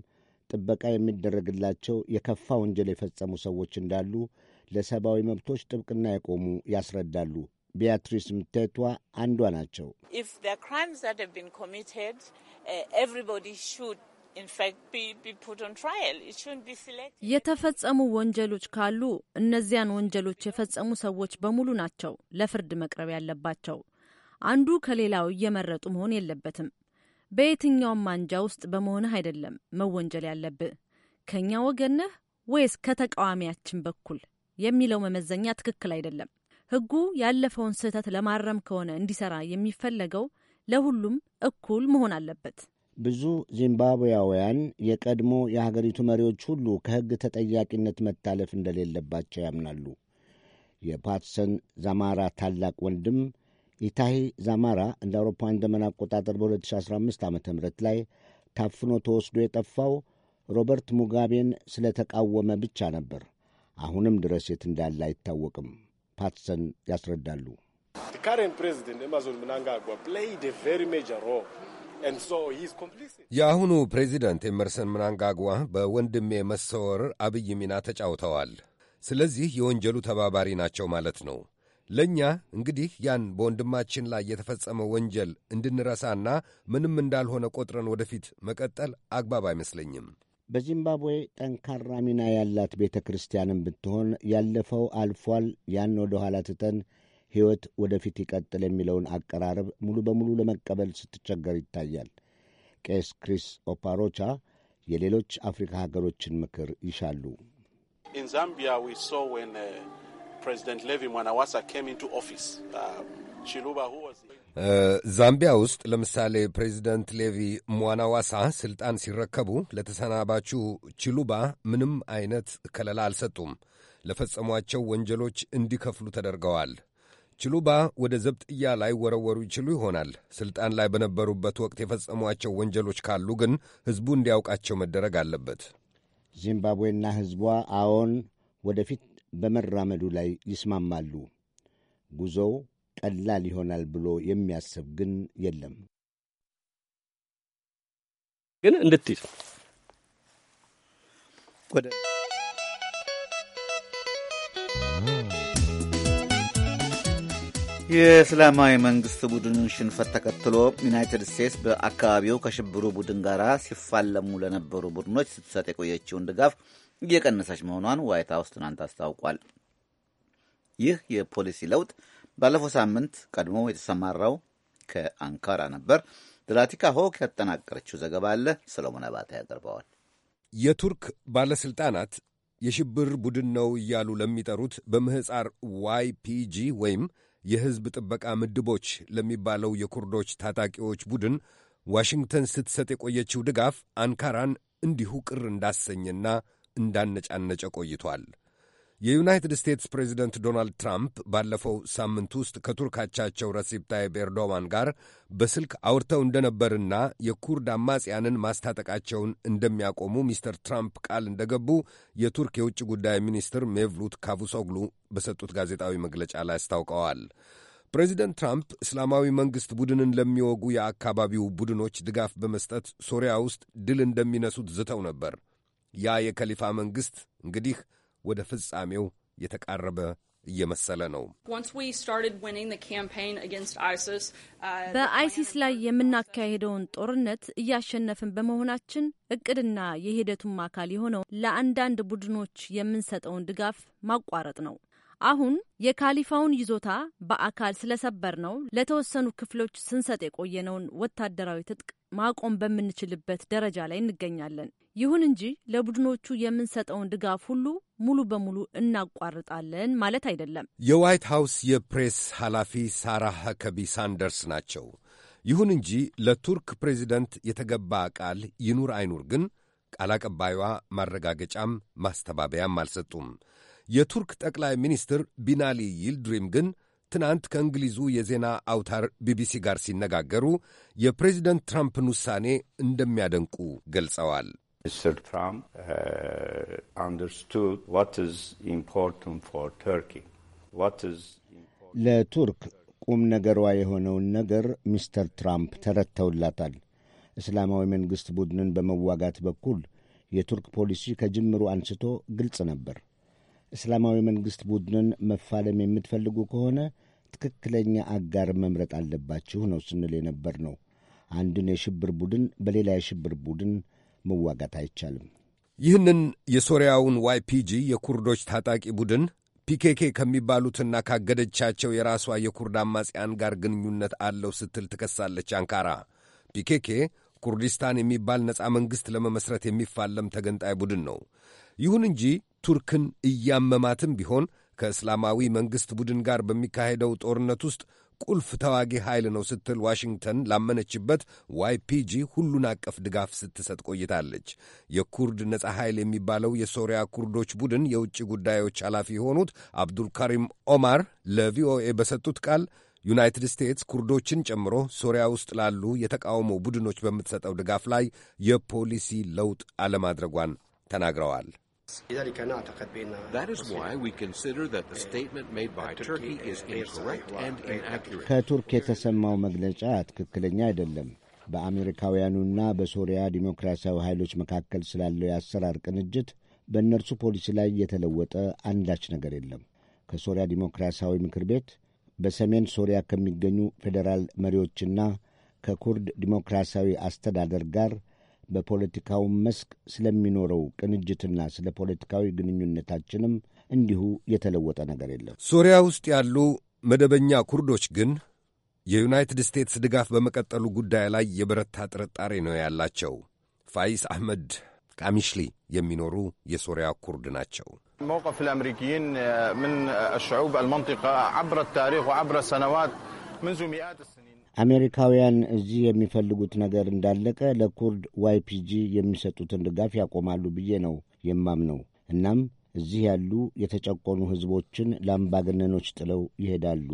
ጥበቃ የሚደረግላቸው የከፋ ወንጀል የፈጸሙ ሰዎች እንዳሉ ለሰብአዊ መብቶች ጥብቅና የቆሙ ያስረዳሉ። ቢያትሪስ ምቴቷ አንዷ ናቸው። uh, የተፈጸሙ ወንጀሎች ካሉ እነዚያን ወንጀሎች የፈጸሙ ሰዎች በሙሉ ናቸው ለፍርድ መቅረብ ያለባቸው። አንዱ ከሌላው እየመረጡ መሆን የለበትም። በየትኛውም ማንጃ ውስጥ በመሆንህ አይደለም መወንጀል ያለብህ ከእኛ ወገን ነህ ወይስ ከተቃዋሚያችን በኩል የሚለው መመዘኛ ትክክል አይደለም። ህጉ ያለፈውን ስህተት ለማረም ከሆነ እንዲሰራ የሚፈለገው ለሁሉም እኩል መሆን አለበት። ብዙ ዚምባብዌያውያን የቀድሞ የሀገሪቱ መሪዎች ሁሉ ከሕግ ተጠያቂነት መታለፍ እንደሌለባቸው ያምናሉ። የፓትሰን ዛማራ ታላቅ ወንድም ኢታሂ ዛማራ እንደ አውሮፓውያን ዘመን አቆጣጠር በ2015 ዓ ም ላይ ታፍኖ ተወስዶ የጠፋው ሮበርት ሙጋቤን ስለተቃወመ ብቻ ነበር። አሁንም ድረስ የት እንዳለ አይታወቅም። ፓትሰን ያስረዳሉ። የአሁኑ ፕሬዚደንት ኤመርሰን ምናንጋግዋ በወንድሜ መሰወር አብይ ሚና ተጫውተዋል። ስለዚህ የወንጀሉ ተባባሪ ናቸው ማለት ነው። ለእኛ እንግዲህ ያን በወንድማችን ላይ የተፈጸመ ወንጀል እንድንረሳና ምንም እንዳልሆነ ቆጥረን ወደፊት መቀጠል አግባብ አይመስለኝም። በዚምባብዌ ጠንካራ ሚና ያላት ቤተ ክርስቲያንም ብትሆን ያለፈው አልፏል፣ ያን ወደ ኋላ ትተን ሕይወት ወደፊት ይቀጥል የሚለውን አቀራረብ ሙሉ በሙሉ ለመቀበል ስትቸገር ይታያል። ቄስ ክሪስ ኦፓሮቻ የሌሎች አፍሪካ ሀገሮችን ምክር ይሻሉ። ፕሬዚደንት ሌቪ ዛምቢያ ውስጥ ለምሳሌ ፕሬዚደንት ሌቪ ሟናዋሳ ስልጣን ሲረከቡ ለተሰናባቹ ቺሉባ ምንም አይነት ከለላ አልሰጡም። ለፈጸሟቸው ወንጀሎች እንዲከፍሉ ተደርገዋል። ችሉባ ወደ ዘብጥያ ላይ ወረወሩ ይችሉ ይሆናል። ስልጣን ላይ በነበሩበት ወቅት የፈጸሟቸው ወንጀሎች ካሉ ግን ሕዝቡ እንዲያውቃቸው መደረግ አለበት። ዚምባብዌና ሕዝቧ አዎን፣ ወደፊት በመራመዱ ላይ ይስማማሉ። ጉዞው ቀላል ይሆናል ብሎ የሚያስብ ግን የለም። ግን እንድትይዝ ወደ የእስላማዊ መንግስት ቡድኑን ሽንፈት ተከትሎ ዩናይትድ ስቴትስ በአካባቢው ከሽብሩ ቡድን ጋር ሲፋለሙ ለነበሩ ቡድኖች ስትሰጥ የቆየችውን ድጋፍ እየቀነሰች መሆኗን ዋይት ሀውስ ትናንት አስታውቋል። ይህ የፖሊሲ ለውጥ ባለፈው ሳምንት ቀድሞ የተሰማራው ከአንካራ ነበር። ድራቲካ ሆክ ያጠናቀረችው ዘገባ አለ። ሰለሞን አባታ ያቀርበዋል። የቱርክ ባለሥልጣናት የሽብር ቡድን ነው እያሉ ለሚጠሩት በምህፃር ዋይፒጂ ወይም የሕዝብ ጥበቃ ምድቦች ለሚባለው የኩርዶች ታጣቂዎች ቡድን ዋሽንግተን ስትሰጥ የቆየችው ድጋፍ አንካራን እንዲሁ ቅር እንዳሰኝና እንዳነጫነጨ ቆይቷል። የዩናይትድ ስቴትስ ፕሬዚደንት ዶናልድ ትራምፕ ባለፈው ሳምንት ውስጥ ከቱርክ አቻቸው ረሲፕ ታይብ ኤርዶዋን ጋር በስልክ አውርተው እንደነበርና የኩርድ አማጽያንን ማስታጠቃቸውን እንደሚያቆሙ ሚስተር ትራምፕ ቃል እንደገቡ የቱርክ የውጭ ጉዳይ ሚኒስትር ሜቭሉት ካቡሶግሉ በሰጡት ጋዜጣዊ መግለጫ ላይ አስታውቀዋል። ፕሬዚደንት ትራምፕ እስላማዊ መንግሥት ቡድንን ለሚወጉ የአካባቢው ቡድኖች ድጋፍ በመስጠት ሶሪያ ውስጥ ድል እንደሚነሱት ዝተው ነበር። ያ የከሊፋ መንግሥት እንግዲህ ወደ ፍጻሜው የተቃረበ እየመሰለ ነው። uh, በአይሲስ ላይ የምናካሄደውን ጦርነት እያሸነፍን በመሆናችን እቅድና የሂደቱም አካል የሆነው ለአንዳንድ ቡድኖች የምንሰጠውን ድጋፍ ማቋረጥ ነው። አሁን የካሊፋውን ይዞታ በአካል ስለሰበር ነው ለተወሰኑ ክፍሎች ስንሰጥ የቆየነውን ወታደራዊ ትጥቅ ማቆም በምንችልበት ደረጃ ላይ እንገኛለን። ይሁን እንጂ ለቡድኖቹ የምንሰጠውን ድጋፍ ሁሉ ሙሉ በሙሉ እናቋርጣለን ማለት አይደለም። የዋይት ሃውስ የፕሬስ ኃላፊ ሳራ ሀከቢ ሳንደርስ ናቸው። ይሁን እንጂ ለቱርክ ፕሬዚደንት የተገባ ቃል ይኑር አይኑር ግን ቃል አቀባዩዋ ማረጋገጫም ማስተባበያም አልሰጡም። የቱርክ ጠቅላይ ሚኒስትር ቢናሊ ይልድሪም ግን ትናንት ከእንግሊዙ የዜና አውታር ቢቢሲ ጋር ሲነጋገሩ የፕሬዚደንት ትራምፕን ውሳኔ እንደሚያደንቁ ገልጸዋል። Mr. Trump uh, understood what is important for Turkey. What is ለቱርክ ቁም ነገሯ የሆነውን ነገር ሚስተር ትራምፕ ተረድተውላታል። እስላማዊ መንግሥት ቡድንን በመዋጋት በኩል የቱርክ ፖሊሲ ከጅምሩ አንስቶ ግልጽ ነበር። እስላማዊ መንግሥት ቡድንን መፋለም የምትፈልጉ ከሆነ ትክክለኛ አጋር መምረጥ አለባችሁ ነው ስንል የነበር ነው። አንድን የሽብር ቡድን በሌላ የሽብር ቡድን መዋጋት አይቻልም። ይህንን የሶሪያውን ዋይፒጂ የኩርዶች ታጣቂ ቡድን ፒኬኬ ከሚባሉትና ካገደቻቸው የራሷ የኩርድ አማጽያን ጋር ግንኙነት አለው ስትል ትከሳለች አንካራ። ፒኬኬ ኩርዲስታን የሚባል ነፃ መንግሥት ለመመስረት የሚፋለም ተገንጣይ ቡድን ነው። ይሁን እንጂ ቱርክን እያመማትም ቢሆን ከእስላማዊ መንግሥት ቡድን ጋር በሚካሄደው ጦርነት ውስጥ ቁልፍ ተዋጊ ኃይል ነው ስትል ዋሽንግተን ላመነችበት ዋይፒጂ ሁሉን አቀፍ ድጋፍ ስትሰጥ ቆይታለች። የኩርድ ነጻ ኃይል የሚባለው የሶሪያ ኩርዶች ቡድን የውጭ ጉዳዮች ኃላፊ የሆኑት አብዱልካሪም ኦማር ለቪኦኤ በሰጡት ቃል ዩናይትድ ስቴትስ ኩርዶችን ጨምሮ ሶሪያ ውስጥ ላሉ የተቃውሞ ቡድኖች በምትሰጠው ድጋፍ ላይ የፖሊሲ ለውጥ አለማድረጓን ተናግረዋል። That is why we consider that the statement made by Turkey is incorrect and inaccurate. ከቱርክ የተሰማው መግለጫ ትክክለኛ አይደለም። በአሜሪካውያኑና በሶሪያ ዲሞክራሲያዊ ኃይሎች መካከል ስላለው የአሰራር ቅንጅት በእነርሱ ፖሊሲ ላይ የተለወጠ አንዳች ነገር የለም። ከሶሪያ ዲሞክራሲያዊ ምክር ቤት በሰሜን ሶሪያ ከሚገኙ ፌዴራል መሪዎችና ከኩርድ ዲሞክራሲያዊ አስተዳደር ጋር በፖለቲካው መስክ ስለሚኖረው ቅንጅትና ስለ ፖለቲካዊ ግንኙነታችንም እንዲሁ የተለወጠ ነገር የለም። ሶሪያ ውስጥ ያሉ መደበኛ ኩርዶች ግን የዩናይትድ ስቴትስ ድጋፍ በመቀጠሉ ጉዳይ ላይ የበረታ ጥርጣሬ ነው ያላቸው። ፋይስ አህመድ ቃሚሽሊ የሚኖሩ የሶሪያ ኩርድ ናቸው። አሜሪካውያን እዚህ የሚፈልጉት ነገር እንዳለቀ ለኩርድ ዋይፒጂ የሚሰጡትን ድጋፍ ያቆማሉ ብዬ ነው የማምነው። እናም እዚህ ያሉ የተጨቆኑ ሕዝቦችን ለአምባገነኖች ጥለው ይሄዳሉ።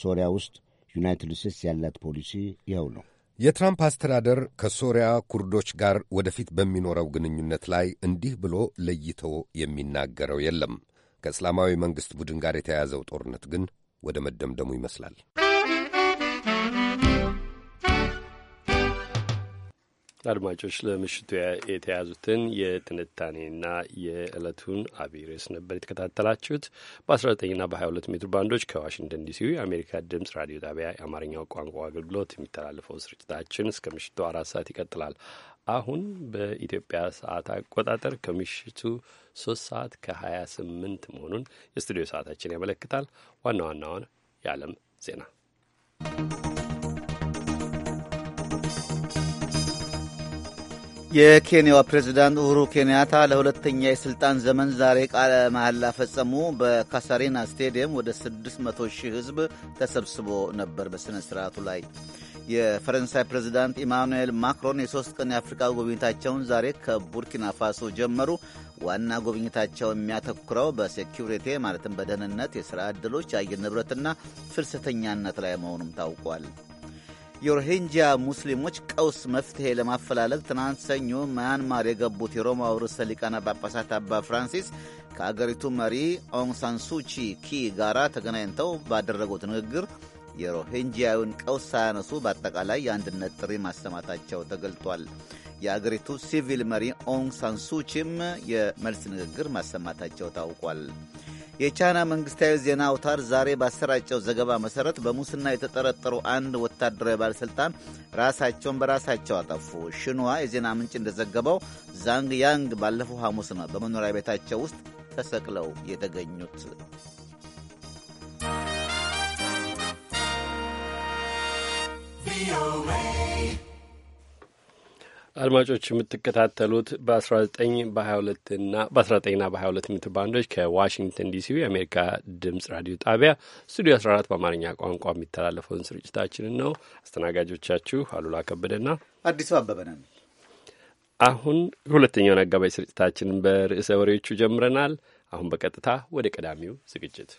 ሶሪያ ውስጥ ዩናይትድ ስቴትስ ያላት ፖሊሲ ይኸው ነው። የትራምፕ አስተዳደር ከሶሪያ ኩርዶች ጋር ወደፊት በሚኖረው ግንኙነት ላይ እንዲህ ብሎ ለይቶ የሚናገረው የለም። ከእስላማዊ መንግሥት ቡድን ጋር የተያያዘው ጦርነት ግን ወደ መደምደሙ ይመስላል። አድማጮች ለምሽቱ የተያዙትን የትንታኔና የዕለቱን አብይ ርዕስ ነበር የተከታተላችሁት። በ19ና በ22 ሜትር ባንዶች ከዋሽንግተን ዲሲ የአሜሪካ ድምፅ ራዲዮ ጣቢያ የአማርኛው ቋንቋ አገልግሎት የሚተላለፈው ስርጭታችን እስከ ምሽቱ አራት ሰዓት ይቀጥላል። አሁን በኢትዮጵያ ሰዓት አቆጣጠር ከምሽቱ ሶስት ሰዓት ከ28 መሆኑን የስቱዲዮ ሰዓታችን ያመለክታል። ዋና ዋናውን የዓለም ዜና የኬንያው ፕሬዝዳንት ኡሁሩ ኬንያታ ለሁለተኛ የሥልጣን ዘመን ዛሬ ቃለ መሐላ ፈጸሙ። በካሳሪና ስቴዲየም ወደ 600 ሺህ ሕዝብ ተሰብስቦ ነበር በሥነ ሥርዓቱ ላይ። የፈረንሳይ ፕሬዝዳንት ኢማኑኤል ማክሮን የሦስት ቀን የአፍሪካ ጉብኝታቸውን ዛሬ ከቡርኪና ፋሶ ጀመሩ። ዋና ጉብኝታቸው የሚያተኩረው በሴኪሪቲ ማለትም በደህንነት፣ የሥራ ዕድሎች፣ የአየር ንብረትና ፍልሰተኛነት ላይ መሆኑም ታውቋል። የሮሂንጃ ሙስሊሞች ቀውስ መፍትሄ ለማፈላለግ ትናንት ሰኞ ማያንማር የገቡት የሮማው ርዕሰ ሊቃነ ጳጳሳት አባ ፍራንሲስ ከአገሪቱ መሪ ኦንሳንሱቺ ኪ ጋር ተገናኝተው ባደረጉት ንግግር የሮሂንጂያውን ቀውስ ሳያነሱ በአጠቃላይ የአንድነት ጥሪ ማሰማታቸው ተገልጧል። የአገሪቱ ሲቪል መሪ ኦንሳንሱቺም የመልስ ንግግር ማሰማታቸው ታውቋል። የቻይና መንግስታዊ ዜና አውታር ዛሬ ባሰራጨው ዘገባ መሠረት በሙስና የተጠረጠሩ አንድ ወታደራዊ ባለሥልጣን ራሳቸውን በራሳቸው አጠፉ። ሽንዋ የዜና ምንጭ እንደዘገበው ዛንግ ያንግ ባለፈው ሐሙስ ነው በመኖሪያ ቤታቸው ውስጥ ተሰቅለው የተገኙት። ቪኦኤ አድማጮች የምትከታተሉት በ19 በ22ና በ19ና በ22 ሜትር ባንዶች ከዋሽንግተን ዲሲ የአሜሪካ ድምጽ ራዲዮ ጣቢያ ስቱዲዮ 14 በአማርኛ ቋንቋ የሚተላለፈውን ስርጭታችንን ነው። አስተናጋጆቻችሁ አሉላ ከበደና አዲሱ አበበ ነን። አሁን ሁለተኛውን አጋባይ ስርጭታችንን በርዕሰ ወሬዎቹ ጀምረናል። አሁን በቀጥታ ወደ ቀዳሚው ዝግጅት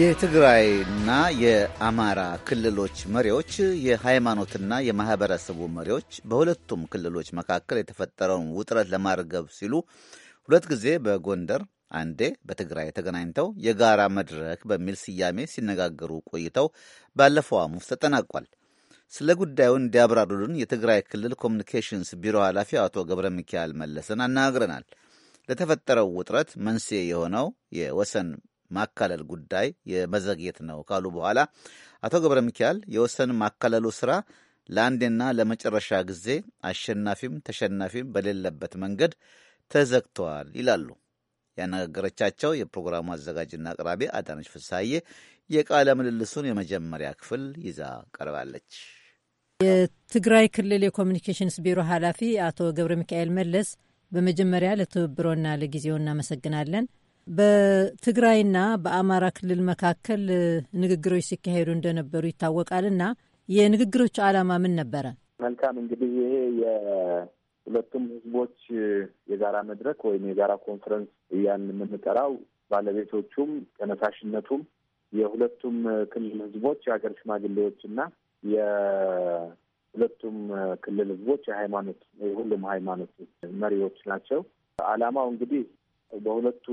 የትግራይና የአማራ ክልሎች መሪዎች የሃይማኖትና የማህበረሰቡ መሪዎች በሁለቱም ክልሎች መካከል የተፈጠረውን ውጥረት ለማርገብ ሲሉ ሁለት ጊዜ በጎንደር አንዴ በትግራይ ተገናኝተው የጋራ መድረክ በሚል ስያሜ ሲነጋገሩ ቆይተው ባለፈው ሐሙስ ተጠናቋል። ስለ ጉዳዩ እንዲያብራሩልን የትግራይ ክልል ኮሚኒኬሽንስ ቢሮ ኃላፊ አቶ ገብረ ሚካኤል መለሰን አነጋግረናል። ለተፈጠረው ውጥረት መንስኤ የሆነው የወሰን ማካለል ጉዳይ የመዘግየት ነው ካሉ በኋላ አቶ ገብረ ሚካኤል የወሰን ማካለሉ ስራ ለአንዴና ለመጨረሻ ጊዜ አሸናፊም ተሸናፊም በሌለበት መንገድ ተዘግተዋል ይላሉ። ያነጋገረቻቸው የፕሮግራሙ አዘጋጅና አቅራቢ አዳነች ፍሳዬ የቃለ ምልልሱን የመጀመሪያ ክፍል ይዛ ቀርባለች። የትግራይ ክልል የኮሚኒኬሽንስ ቢሮ ኃላፊ አቶ ገብረ ሚካኤል መለስ በመጀመሪያ ለትብብሮና ለጊዜው እናመሰግናለን። በትግራይና በአማራ ክልል መካከል ንግግሮች ሲካሄዱ እንደነበሩ ይታወቃል እና የንግግሮች ዓላማ ምን ነበረ? መልካም እንግዲህ ይሄ የሁለቱም ህዝቦች የጋራ መድረክ ወይም የጋራ ኮንፈረንስ እያን የምንጠራው ባለቤቶቹም ተነሳሽነቱም የሁለቱም ክልል ህዝቦች የሀገር ሽማግሌዎች እና የሁለቱም ክልል ህዝቦች የሃይማኖት የሁሉም ሃይማኖት መሪዎች ናቸው። ዓላማው እንግዲህ በሁለቱ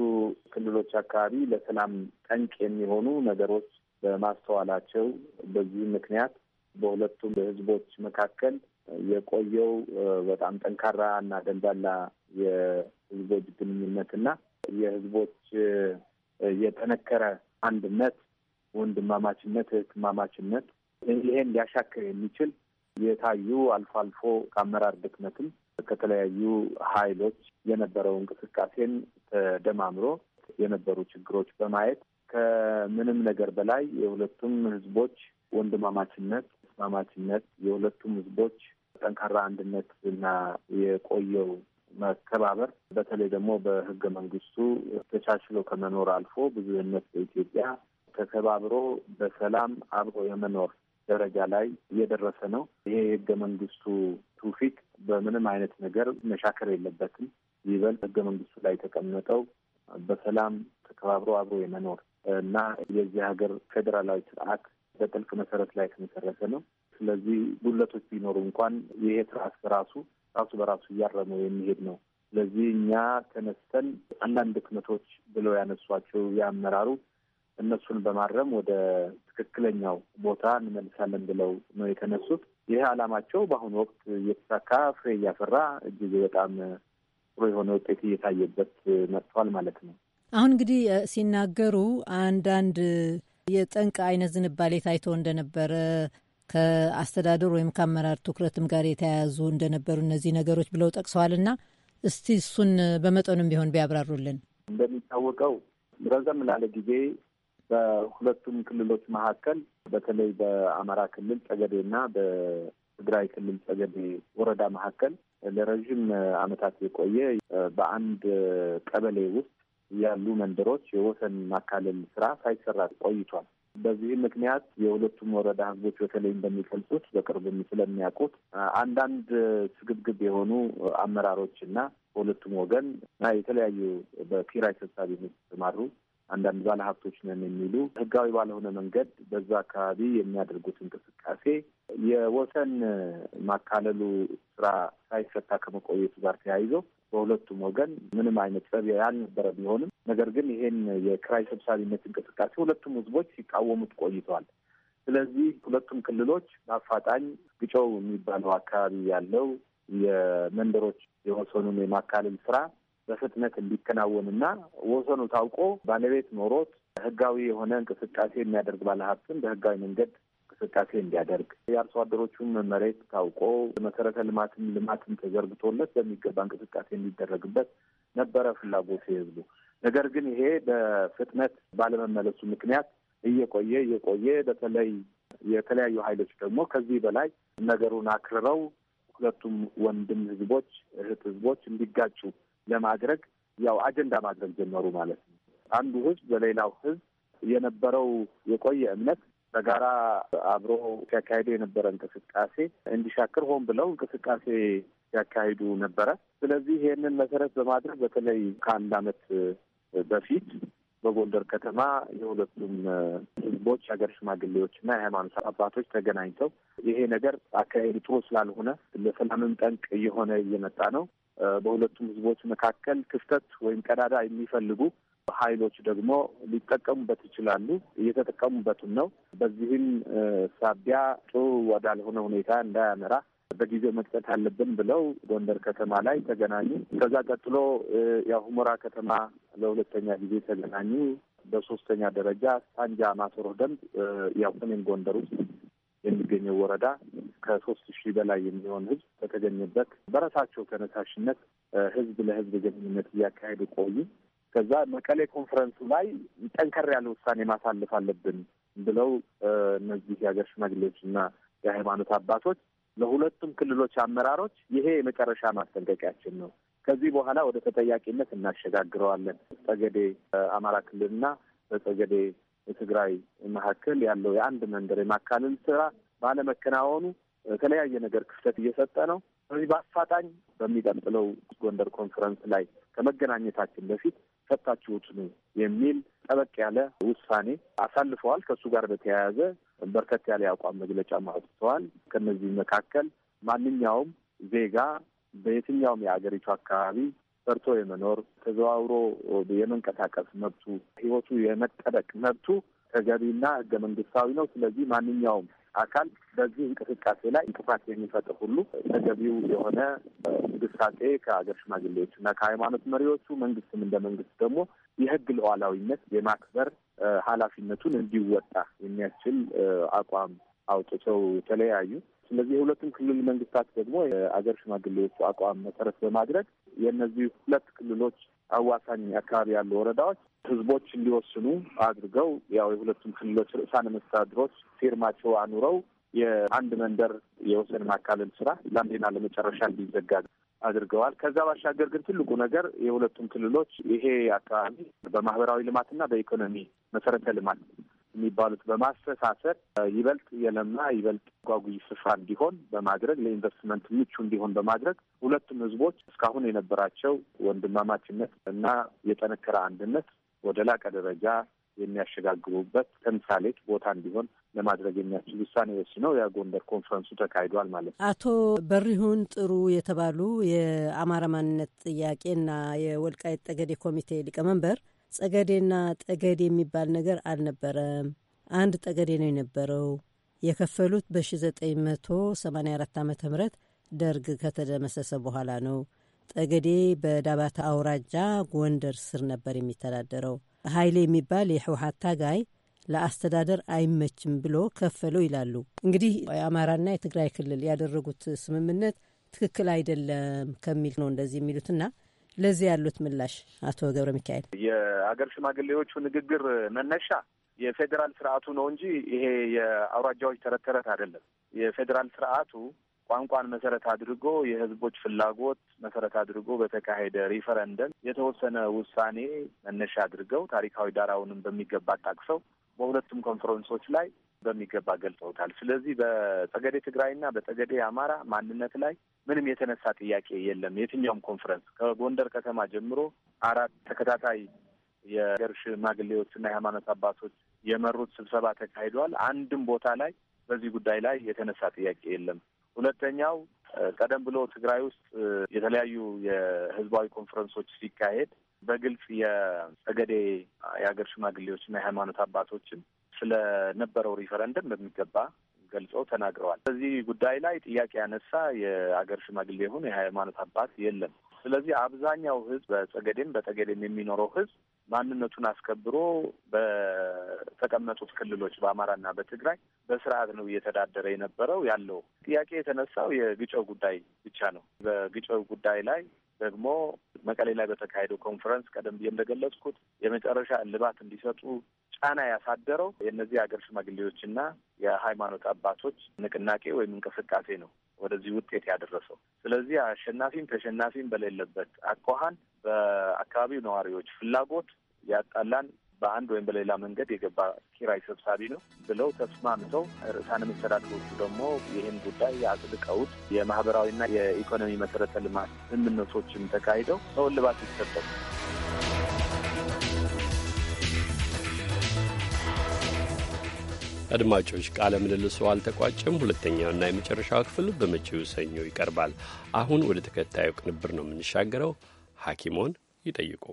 ክልሎች አካባቢ ለሰላም ጠንቅ የሚሆኑ ነገሮች በማስተዋላቸው በዚህ ምክንያት በሁለቱም ህዝቦች መካከል የቆየው በጣም ጠንካራ እና ደንዳላ የህዝቦች ግንኙነትና የህዝቦች የጠነከረ አንድነት፣ ወንድማማችነት፣ እህትማማችነት ይሄን ሊያሻክር የሚችል የታዩ አልፎ አልፎ ከአመራር ድክመትም ከተለያዩ ኃይሎች የነበረው እንቅስቃሴን ተደማምሮ የነበሩ ችግሮች በማየት ከምንም ነገር በላይ የሁለቱም ህዝቦች ወንድማማችነት፣ እስማማችነት የሁለቱም ህዝቦች ጠንካራ አንድነት እና የቆየው መከባበር በተለይ ደግሞ በህገ መንግስቱ ተቻችሎ ከመኖር አልፎ ብዙህነት በኢትዮጵያ ተከባብሮ በሰላም አብሮ የመኖር ደረጃ ላይ እየደረሰ ነው። ይሄ የህገ መንግስቱ ትውፊት በምንም አይነት ነገር መሻከር የለበትም። ይበልጥ ህገ መንግስቱ ላይ የተቀመጠው በሰላም ተከባብሮ አብሮ የመኖር እና የዚህ ሀገር ፌዴራላዊ ስርዓት በጥልቅ መሰረት ላይ የተመሰረተ ነው። ስለዚህ ጉለቶች ቢኖሩ እንኳን ይሄ ስርዓት በራሱ ራሱ በራሱ እያረመው የሚሄድ ነው። ስለዚህ እኛ ተነስተን አንዳንድ ክመቶች ብለው ያነሷቸው ያመራሩ እነሱን በማረም ወደ ትክክለኛው ቦታ እንመልሳለን ብለው ነው የተነሱት። ይህ ዓላማቸው በአሁኑ ወቅት እየተሳካ ፍሬ እያፈራ እጅግ በጣም ጥሩ የሆነ ውጤት እየታየበት መጥቷል ማለት ነው። አሁን እንግዲህ ሲናገሩ አንዳንድ የጠንቅ አይነት ዝንባሌ ታይቶ እንደነበረ ከአስተዳደር ወይም ከአመራር ትኩረትም ጋር የተያያዙ እንደነበሩ እነዚህ ነገሮች ብለው ጠቅሰዋልና እስቲ እሱን በመጠኑም ቢሆን ቢያብራሩልን። እንደሚታወቀው ረዘም ላለ ጊዜ በሁለቱም ክልሎች መካከል በተለይ በአማራ ክልል ጸገዴ በትግራይ ክልል ጸገዴ ወረዳ መካከል ለረዥም ዓመታት የቆየ በአንድ ቀበሌ ውስጥ ያሉ መንደሮች የወሰን ማካለል ስራ ሳይሰራ ቆይቷል። በዚህ ምክንያት የሁለቱም ወረዳ ህዝቦች በተለይ እንደሚገልጹት በቅርብም ስለሚያውቁት አንዳንድ ስግብግብ የሆኑ አመራሮች እና በሁለቱም ወገን የተለያዩ በኪራይ ሰብሳቢነት የተሰማሩ አንዳንድ ባለሀብቶች ነን የሚሉ ህጋዊ ባለሆነ መንገድ በዛ አካባቢ የሚያደርጉት እንቅስቃሴ የወሰን ማካለሉ ስራ ሳይፈታ ከመቆየቱ ጋር ተያይዞ በሁለቱም ወገን ምንም አይነት ጸብ ያልነበረ ቢሆንም ነገር ግን ይሄን የክራይ ሰብሳቢነት እንቅስቃሴ ሁለቱም ህዝቦች ሲቃወሙት ቆይተዋል። ስለዚህ ሁለቱም ክልሎች በአፋጣኝ ግጨው የሚባለው አካባቢ ያለው የመንደሮች የወሰኑን የማካለል ስራ በፍጥነት እንዲከናወንና ወሰኑ ታውቆ ባለቤት ኖሮት ህጋዊ የሆነ እንቅስቃሴ የሚያደርግ ባለሀብትን በህጋዊ መንገድ እንቅስቃሴ እንዲያደርግ የአርሶ አደሮቹን መሬት ታውቆ መሰረተ ልማትም ልማትም ተዘርግቶለት በሚገባ እንቅስቃሴ እንዲደረግበት ነበረ ፍላጎት የህዝቡ። ነገር ግን ይሄ በፍጥነት ባለመመለሱ ምክንያት እየቆየ እየቆየ በተለይ የተለያዩ ኃይሎች ደግሞ ከዚህ በላይ ነገሩን አክርረው ሁለቱም ወንድም ህዝቦች እህት ህዝቦች እንዲጋጩ ለማድረግ ያው አጀንዳ ማድረግ ጀመሩ ማለት ነው። አንዱ ህዝብ በሌላው ህዝብ የነበረው የቆየ እምነት በጋራ አብሮ ሲያካሄዱ የነበረ እንቅስቃሴ እንዲሻክር ሆን ብለው እንቅስቃሴ ሲያካሂዱ ነበረ። ስለዚህ ይህንን መሰረት በማድረግ በተለይ ከአንድ አመት በፊት በጎንደር ከተማ የሁለቱም ህዝቦች የሀገር ሽማግሌዎችና የሃይማኖት አባቶች ተገናኝተው ይሄ ነገር አካሄዱ ጥሩ ስላልሆነ ለሰላምም ጠንቅ እየሆነ እየመጣ ነው፣ በሁለቱም ህዝቦች መካከል ክፍተት ወይም ቀዳዳ የሚፈልጉ ኃይሎች ደግሞ ሊጠቀሙበት ይችላሉ። እየተጠቀሙበትም ነው። በዚህም ሳቢያ ጥሩ ወዳልሆነ ሁኔታ እንዳያመራ በጊዜው መቅጠት አለብን ብለው ጎንደር ከተማ ላይ ተገናኙ። ከዛ ቀጥሎ ያው ከተማ ለሁለተኛ ጊዜ ተገናኙ። በሶስተኛ ደረጃ ሳንጃ ማቶሮ ደንብ ያው ሰሜን ጎንደር ውስጥ የሚገኘው ወረዳ ከሶስት ሺህ በላይ የሚሆን ህዝብ በተገኘበት በራሳቸው ተነሳሽነት ህዝብ ለህዝብ ግንኙነት እያካሄዱ ቆዩ። ከዛ መቀሌ ኮንፈረንሱ ላይ ጠንከር ያለ ውሳኔ ማሳለፍ አለብን ብለው እነዚህ የሀገር ሽማግሌዎች እና የሃይማኖት አባቶች ለሁለቱም ክልሎች አመራሮች ይሄ የመጨረሻ ማስጠንቀቂያችን ነው። ከዚህ በኋላ ወደ ተጠያቂነት እናሸጋግረዋለን። ጸገዴ አማራ ክልልና በጸገዴ በትግራይ መካከል ያለው የአንድ መንደር የማካለል ስራ ባለመከናወኑ የተለያየ ነገር ክፍተት እየሰጠ ነው። ስለዚህ በአፋጣኝ በሚቀጥለው ጎንደር ኮንፈረንስ ላይ ከመገናኘታችን በፊት ፈታችሁት ነው የሚል ጠበቅ ያለ ውሳኔ አሳልፈዋል። ከእሱ ጋር በተያያዘ በርከት ያለ የአቋም መግለጫ አውጥተዋል። ከእነዚህ መካከል ማንኛውም ዜጋ በየትኛውም የአገሪቱ አካባቢ ሰርቶ የመኖር ተዘዋውሮ የመንቀሳቀስ መብቱ፣ ህይወቱ የመጠበቅ መብቱ ተገቢና ህገ መንግስታዊ ነው። ስለዚህ ማንኛውም አካል በዚህ እንቅስቃሴ ላይ እንቅፋት የሚፈጥር ሁሉ ተገቢው የሆነ እንቅስቃሴ ከሀገር ሽማግሌዎች እና ከሃይማኖት መሪዎቹ መንግስትም እንደ መንግስት ደግሞ የህግ ሉዓላዊነት የማክበር ኃላፊነቱን እንዲወጣ የሚያስችል አቋም አውጥተው የተለያዩ ስለዚህ የሁለቱም ክልል መንግስታት ደግሞ የአገር ሽማግሌዎቹ አቋም መሰረት በማድረግ የእነዚህ ሁለት ክልሎች አዋሳኝ አካባቢ ያሉ ወረዳዎች ህዝቦች እንዲወስኑ አድርገው ያው የሁለቱም ክልሎች ርዕሳነ መስተዳድሮች ፊርማቸው አኑረው የአንድ መንደር የወሰን ማካለል ስራ ለአንዴና ለመጨረሻ እንዲዘጋ አድርገዋል። ከዛ ባሻገር ግን ትልቁ ነገር የሁለቱም ክልሎች ይሄ አካባቢ በማህበራዊ ልማትና በኢኮኖሚ መሰረተ ልማት የሚባሉት በማስተሳሰር ይበልጥ የለማ ይበልጥ ጓጉይ ስፍራ እንዲሆን በማድረግ ለኢንቨስትመንት ምቹ እንዲሆን በማድረግ ሁለቱም ህዝቦች እስካሁን የነበራቸው ወንድማማችነት እና የጠነከረ አንድነት ወደ ላቀ ደረጃ የሚያሸጋግሩበት ተምሳሌት ቦታ እንዲሆን ለማድረግ የሚያስችል ውሳኔ ወስነው የጎንደር ኮንፈረንሱ ተካሂዷል ማለት ነው። አቶ በሪሁን ጥሩ የተባሉ የአማራ ማንነት ጥያቄና የወልቃይት ጠገዴ ኮሚቴ ሊቀመንበር ጸገዴና ጠገዴ የሚባል ነገር አልነበረም። አንድ ጠገዴ ነው የነበረው። የከፈሉት በ1984 ዓ ም ደርግ ከተደመሰሰ በኋላ ነው። ጠገዴ በዳባታ አውራጃ ጎንደር ስር ነበር የሚተዳደረው። ኃይሌ የሚባል የህወሓት ታጋይ ለአስተዳደር አይመችም ብሎ ከፈለው ይላሉ። እንግዲህ የአማራና የትግራይ ክልል ያደረጉት ስምምነት ትክክል አይደለም ከሚል ነው እንደዚህ የሚሉትና ለዚህ ያሉት ምላሽ አቶ ገብረ ሚካኤል? የአገር ሽማግሌዎቹ ንግግር መነሻ የፌዴራል ስርዓቱ ነው እንጂ ይሄ የአውራጃዎች ተረት ተረት አይደለም። የፌዴራል ስርዓቱ ቋንቋን መሰረት አድርጎ የህዝቦች ፍላጎት መሰረት አድርጎ በተካሄደ ሪፈረንደም የተወሰነ ውሳኔ መነሻ አድርገው ታሪካዊ ዳራውንም በሚገባ አጣቅሰው በሁለቱም ኮንፈረንሶች ላይ በሚገባ ገልጸውታል። ስለዚህ በጠገዴ ትግራይና በጠገዴ አማራ ማንነት ላይ ምንም የተነሳ ጥያቄ የለም። የትኛውም ኮንፈረንስ ከጎንደር ከተማ ጀምሮ አራት ተከታታይ የገር ሽማግሌዎችና የሃይማኖት አባቶች የመሩት ስብሰባ ተካሂዷል። አንድም ቦታ ላይ በዚህ ጉዳይ ላይ የተነሳ ጥያቄ የለም። ሁለተኛው ቀደም ብሎ ትግራይ ውስጥ የተለያዩ የህዝባዊ ኮንፈረንሶች ሲካሄድ በግልጽ የጸገዴ የሀገር ሽማግሌዎችና የሃይማኖት አባቶችን ስለነበረው ሪፈረንደም በሚገባ ገልጾ ተናግረዋል። በዚህ ጉዳይ ላይ ጥያቄ ያነሳ የአገር ሽማግሌ ይሁን የሃይማኖት አባት የለም። ስለዚህ አብዛኛው ህዝብ በጸገዴም በጠገዴም የሚኖረው ህዝብ ማንነቱን አስከብሮ በተቀመጡት ክልሎች በአማራና በትግራይ በስርዓት ነው እየተዳደረ የነበረው ያለው። ጥያቄ የተነሳው የግጨው ጉዳይ ብቻ ነው። በግጨው ጉዳይ ላይ ደግሞ መቀሌ ላይ በተካሄደው ኮንፈረንስ ቀደም ብዬ እንደገለጽኩት የመጨረሻ እልባት እንዲሰጡ ጫና ያሳደረው የእነዚህ ሀገር ሽማግሌዎችና የሃይማኖት አባቶች ንቅናቄ ወይም እንቅስቃሴ ነው ወደዚህ ውጤት ያደረሰው። ስለዚህ አሸናፊም ተሸናፊም በሌለበት አኳኋን በአካባቢው ነዋሪዎች ፍላጎት ያጣላን በአንድ ወይም በሌላ መንገድ የገባ ኪራይ ሰብሳቢ ነው ብለው ተስማምተው ርዕሳነ መስተዳድሮቹ ደግሞ ይህን ጉዳይ አጥልቀውት የማህበራዊና የኢኮኖሚ መሰረተ ልማት ስምምነቶችም ተካሂደው እልባት ይሰጠው። አድማጮች ቃለ ምልልሱ አልተቋጨም። ሁለተኛውና የመጨረሻው ክፍል በመጪው ሰኞ ይቀርባል። አሁን ወደ ተከታዩ ቅንብር ነው የምንሻገረው። ሐኪሞን ይጠይቁ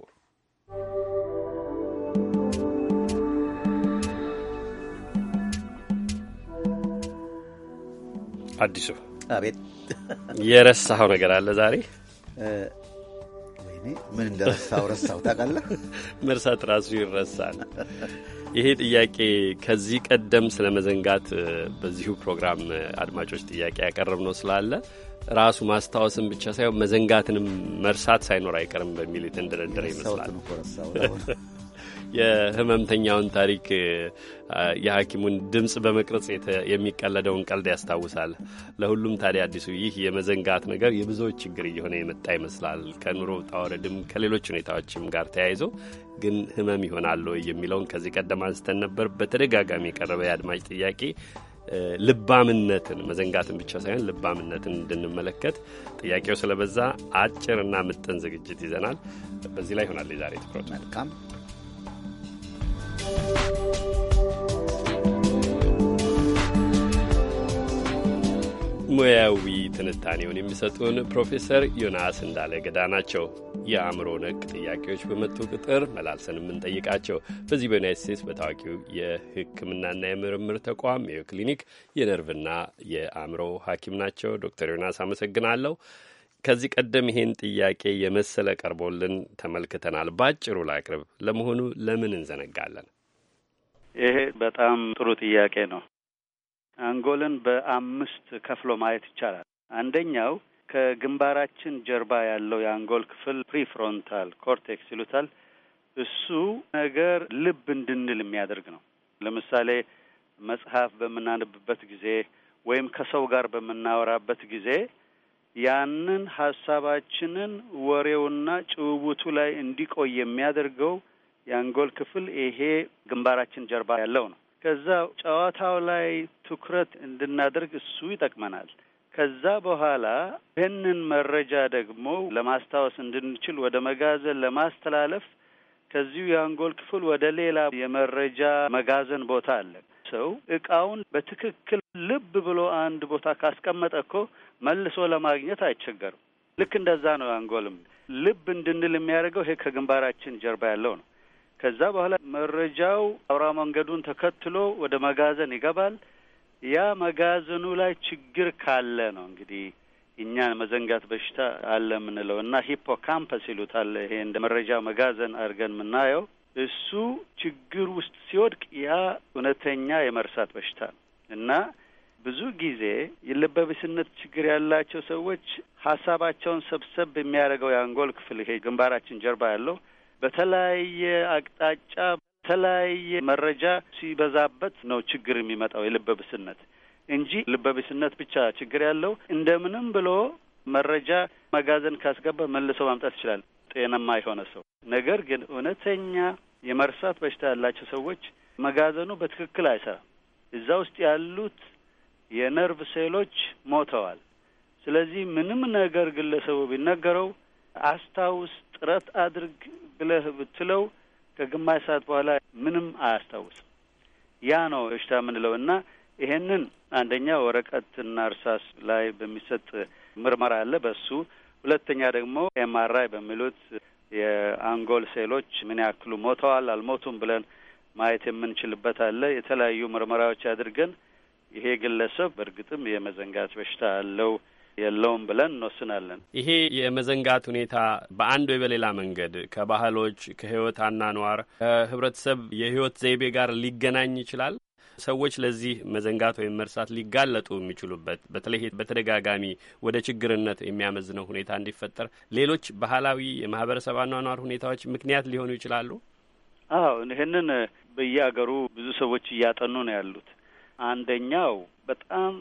አዲሱ አቤት፣ የረሳኸው ነገር አለ ዛሬ? ምን እንደረሳው ረሳው። ታውቃለህ፣ መርሳት ራሱ ይረሳል። ይሄ ጥያቄ ከዚህ ቀደም ስለ መዘንጋት በዚሁ ፕሮግራም አድማጮች ጥያቄ ያቀረብ ነው ስላለ ራሱ ማስታወስን ብቻ ሳይሆን መዘንጋትንም መርሳት ሳይኖር አይቀርም በሚል የተንደረደረ ይመስላል። የህመምተኛውን ታሪክ የሐኪሙን ድምፅ በመቅረጽ የሚቀለደውን ቀልድ ያስታውሳል። ለሁሉም ታዲያ አዲሱ ይህ የመዘንጋት ነገር የብዙዎች ችግር እየሆነ የመጣ ይመስላል። ከኑሮ ውጣ ውረድም ከሌሎች ሁኔታዎችም ጋር ተያይዞ ግን ህመም ይሆናል የሚለውን ከዚህ ቀደም አንስተን ነበር። በተደጋጋሚ የቀረበ የአድማጭ ጥያቄ ልባምነትን መዘንጋትን ብቻ ሳይሆን ልባምነትን እንድንመለከት ጥያቄው ስለበዛ አጭርና ምጥን ዝግጅት ይዘናል። በዚህ ላይ ይሆናል የዛሬ ትኩረት። መልካም ሙያዊ ትንታኔውን የሚሰጡን ፕሮፌሰር ዮናስ እንዳለ ገዳ ናቸው። የአእምሮ ነቅ ጥያቄዎች በመጡ ቁጥር መላልሰን የምንጠይቃቸው በዚህ በዩናይት ስቴትስ በታዋቂው የሕክምናና የምርምር ተቋም ሜዮ ክሊኒክ የነርቭና የአእምሮ ሐኪም ናቸው። ዶክተር ዮናስ አመሰግናለሁ። ከዚህ ቀደም ይሄን ጥያቄ የመሰለ ቀርቦልን ተመልክተናል። ባጭሩ ላቅርብ። ለመሆኑ ለምን እንዘነጋለን? ይሄ በጣም ጥሩ ጥያቄ ነው። አንጎልን በአምስት ከፍሎ ማየት ይቻላል። አንደኛው ከግንባራችን ጀርባ ያለው የአንጎል ክፍል ፕሪፍሮንታል ኮርቴክስ ይሉታል። እሱ ነገር ልብ እንድንል የሚያደርግ ነው። ለምሳሌ መጽሐፍ በምናነብበት ጊዜ ወይም ከሰው ጋር በምናወራበት ጊዜ ያንን ሀሳባችንን ወሬውና ጭውውቱ ላይ እንዲቆይ የሚያደርገው የአንጎል ክፍል ይሄ ግንባራችን ጀርባ ያለው ነው። ከዛ ጨዋታው ላይ ትኩረት እንድናደርግ እሱ ይጠቅመናል። ከዛ በኋላ ይህንን መረጃ ደግሞ ለማስታወስ እንድንችል ወደ መጋዘን ለማስተላለፍ ከዚሁ የአንጎል ክፍል ወደ ሌላ የመረጃ መጋዘን ቦታ አለ። ሰው እቃውን በትክክል ልብ ብሎ አንድ ቦታ ካስቀመጠ እኮ መልሶ ለማግኘት አይቸገርም። ልክ እንደዛ ነው። አንጎልም ልብ እንድንል የሚያደርገው ይሄ ከግንባራችን ጀርባ ያለው ነው። ከዛ በኋላ መረጃው አውራ መንገዱን ተከትሎ ወደ መጋዘን ይገባል። ያ መጋዘኑ ላይ ችግር ካለ ነው እንግዲህ እኛ መዘንጋት በሽታ አለ የምንለው እና ሂፖካምፐስ ይሉታል። ይሄ እንደ መረጃ መጋዘን አድርገን የምናየው እሱ ችግር ውስጥ ሲወድቅ ያ እውነተኛ የመርሳት በሽታ ነው እና ብዙ ጊዜ የልበብስነት ችግር ያላቸው ሰዎች ሀሳባቸውን ሰብሰብ የሚያደርገው የአንጎል ክፍል ይሄ ግንባራችን ጀርባ ያለው በተለያየ አቅጣጫ የተለያየ መረጃ ሲበዛበት ነው ችግር የሚመጣው የልበብስነት እንጂ ልበብስነት ብቻ ችግር ያለው እንደምንም ብሎ መረጃ መጋዘን ካስገባ መልሶ ማምጣት ይችላል ጤናማ የሆነ ሰው። ነገር ግን እውነተኛ የመርሳት በሽታ ያላቸው ሰዎች መጋዘኑ በትክክል አይሰራም። እዛ ውስጥ ያሉት የነርቭ ሴሎች ሞተዋል። ስለዚህ ምንም ነገር ግለሰቡ ቢነገረው አስታውስ፣ ጥረት አድርግ፣ ግለህ ብትለው ከግማሽ ሰዓት በኋላ ምንም አያስታውስም። ያ ነው እሽታ የምንለው እና ይሄንን አንደኛ ወረቀትና እርሳስ ላይ በሚሰጥ ምርመራ አለ በሱ ሁለተኛ ደግሞ ኤምአርአይ በሚሉት የአንጎል ሴሎች ምን ያክሉ ሞተዋል አልሞቱም ብለን ማየት የምንችልበት አለ። የተለያዩ ምርመራዎች አድርገን ይሄ ግለሰብ በእርግጥም የመዘንጋት በሽታ አለው የለውም ብለን እንወስናለን። ይሄ የመዘንጋት ሁኔታ በአንድ ወይ በሌላ መንገድ ከባህሎች ከህይወት አናኗር፣ ከህብረተሰብ የህይወት ዘይቤ ጋር ሊገናኝ ይችላል። ሰዎች ለዚህ መዘንጋት ወይም መርሳት ሊጋለጡ የሚችሉበት በተለይ በተደጋጋሚ ወደ ችግርነት የሚያመዝነው ሁኔታ እንዲፈጠር ሌሎች ባህላዊ የማህበረሰብ አኗኗር ሁኔታዎች ምክንያት ሊሆኑ ይችላሉ። አዎ ይህንን በየአገሩ ብዙ ሰዎች እያጠኑ ነው ያሉት። አንደኛው በጣም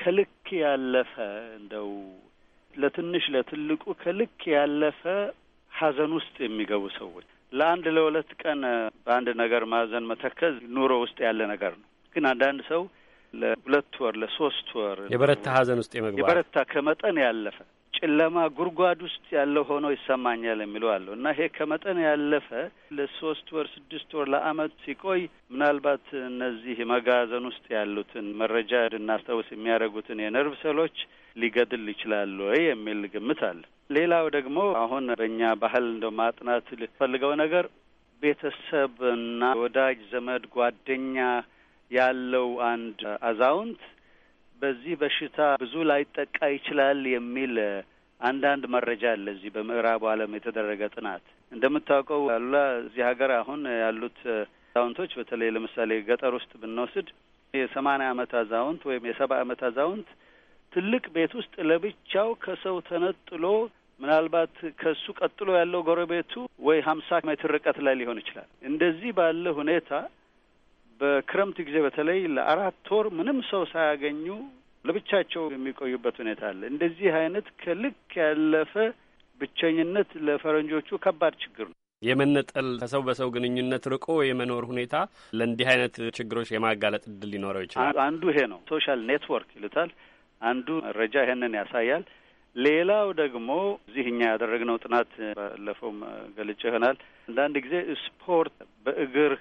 ከልክ ያለፈ እንደው ለትንሽ ለትልቁ ከልክ ያለፈ ሀዘን ውስጥ የሚገቡ ሰዎች ለአንድ ለሁለት ቀን በአንድ ነገር ማዘን መተከዝ ኑሮ ውስጥ ያለ ነገር ነው። ግን አንዳንድ ሰው ለሁለት ወር ለሶስት ወር የበረታ ሀዘን ውስጥ የመግባት የበረታ ከመጠን ያለፈ ጨለማ ጉድጓድ ውስጥ ያለው ሆኖ ይሰማኛል የሚሉ አሉ እና ይሄ ከመጠን ያለፈ ለሶስት ወር ስድስት ወር ለአመት ሲቆይ ምናልባት እነዚህ መጋዘን ውስጥ ያሉትን መረጃ እንድናስታውስ የሚያደርጉትን የነርቭ ሰሎች ሊገድል ይችላሉ ወይ የሚል ግምት አለ። ሌላው ደግሞ አሁን በእኛ ባህል እንደው ማጥናት ልፈልገው ነገር ቤተሰብና ወዳጅ ዘመድ ጓደኛ ያለው አንድ አዛውንት በዚህ በሽታ ብዙ ላይጠቃ ይችላል የሚል አንዳንድ መረጃ አለ። እዚህ በምዕራቡ ዓለም የተደረገ ጥናት እንደምታውቀው አሉላ፣ እዚህ ሀገር አሁን ያሉት አዛውንቶች በተለይ ለምሳሌ ገጠር ውስጥ ብንወስድ የሰማንያ አመት አዛውንት ወይም የሰባ ዓመት አዛውንት ትልቅ ቤት ውስጥ ለብቻው ከሰው ተነጥሎ ምናልባት ከሱ ቀጥሎ ያለው ጎረቤቱ ወይ ሀምሳ ሜትር ርቀት ላይ ሊሆን ይችላል። እንደዚህ ባለ ሁኔታ በክረምት ጊዜ በተለይ ለአራት ወር ምንም ሰው ሳያገኙ ለብቻቸው የሚቆዩበት ሁኔታ አለ። እንደዚህ አይነት ከልክ ያለፈ ብቸኝነት ለፈረንጆቹ ከባድ ችግር ነው። የመነጠል ከሰው በሰው ግንኙነት ርቆ የመኖር ሁኔታ ለእንዲህ አይነት ችግሮች የማጋለጥ እድል ሊኖረው ይችላል። አንዱ ይሄ ነው፣ ሶሻል ኔትወርክ ይሉታል። አንዱ መረጃ ይሄንን ያሳያል። ሌላው ደግሞ እዚህ እኛ ያደረግነው ጥናት ባለፈውም ገልጬ ይሆናል። አንዳንድ ጊዜ ስፖርት በእግር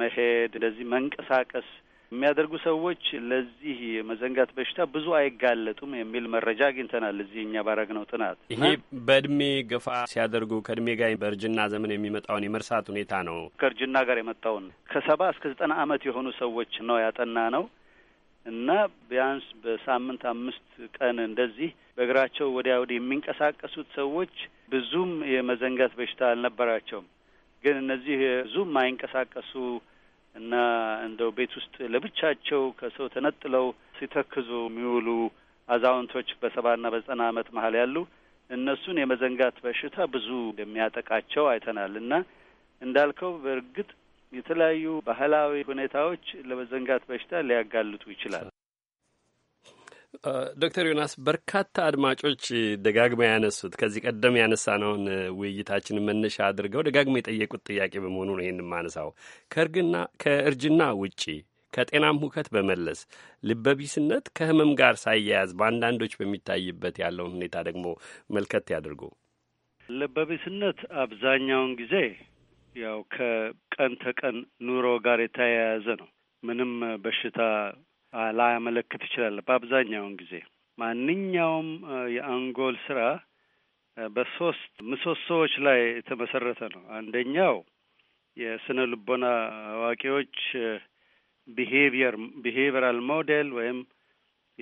መሄድ፣ እንደዚህ መንቀሳቀስ የሚያደርጉ ሰዎች ለዚህ የመዘንጋት በሽታ ብዙ አይጋለጡም የሚል መረጃ አግኝተናል። እዚህ እኛ ባረግነው ጥናት ይሄ በእድሜ ገፋ ሲያደርጉ ከእድሜ ጋር በእርጅና ዘመን የሚመጣውን የመርሳት ሁኔታ ነው። ከእርጅና ጋር የመጣውን ከሰባ እስከ ዘጠና አመት የሆኑ ሰዎች ነው ያጠና ነው እና ቢያንስ በሳምንት አምስት ቀን እንደዚህ በእግራቸው ወዲያ ወዲህ የሚንቀሳቀሱት ሰዎች ብዙም የመዘንጋት በሽታ አልነበራቸውም። ግን እነዚህ ብዙም የማይንቀሳቀሱ እና እንደው ቤት ውስጥ ለብቻቸው ከሰው ተነጥለው ሲተክዙ የሚውሉ አዛውንቶች በሰባና በዘጠና ዓመት መሀል ያሉ እነሱን የመዘንጋት በሽታ ብዙ እንደሚያጠቃቸው አይተናል እና እንዳልከው በእርግጥ የተለያዩ ባህላዊ ሁኔታዎች ለመዘንጋት በሽታ ሊያጋልጡ ይችላል። ዶክተር ዮናስ በርካታ አድማጮች ደጋግመው ያነሱት ከዚህ ቀደም ያነሳነውን ውይይታችንን መነሻ አድርገው ደጋግመው የጠየቁት ጥያቄ በመሆኑ ነው ይህን ማነሳው። ከእርጅና ውጪ ከጤናም ሁከት በመለስ ልበቢስነት ከህመም ጋር ሳያያዝ በአንዳንዶች በሚታይበት ያለውን ሁኔታ ደግሞ መልከት ያድርጉ። ልበቢስነት አብዛኛውን ጊዜ ያው ከቀን ተቀን ኑሮ ጋር የተያያዘ ነው። ምንም በሽታ ላያመለክት ይችላል። በአብዛኛውን ጊዜ ማንኛውም የአንጎል ስራ በሶስት ምሰሶዎች ላይ የተመሰረተ ነው። አንደኛው የስነ ልቦና አዋቂዎች ቢሄቪየር ቢሄቪየራል ሞዴል ወይም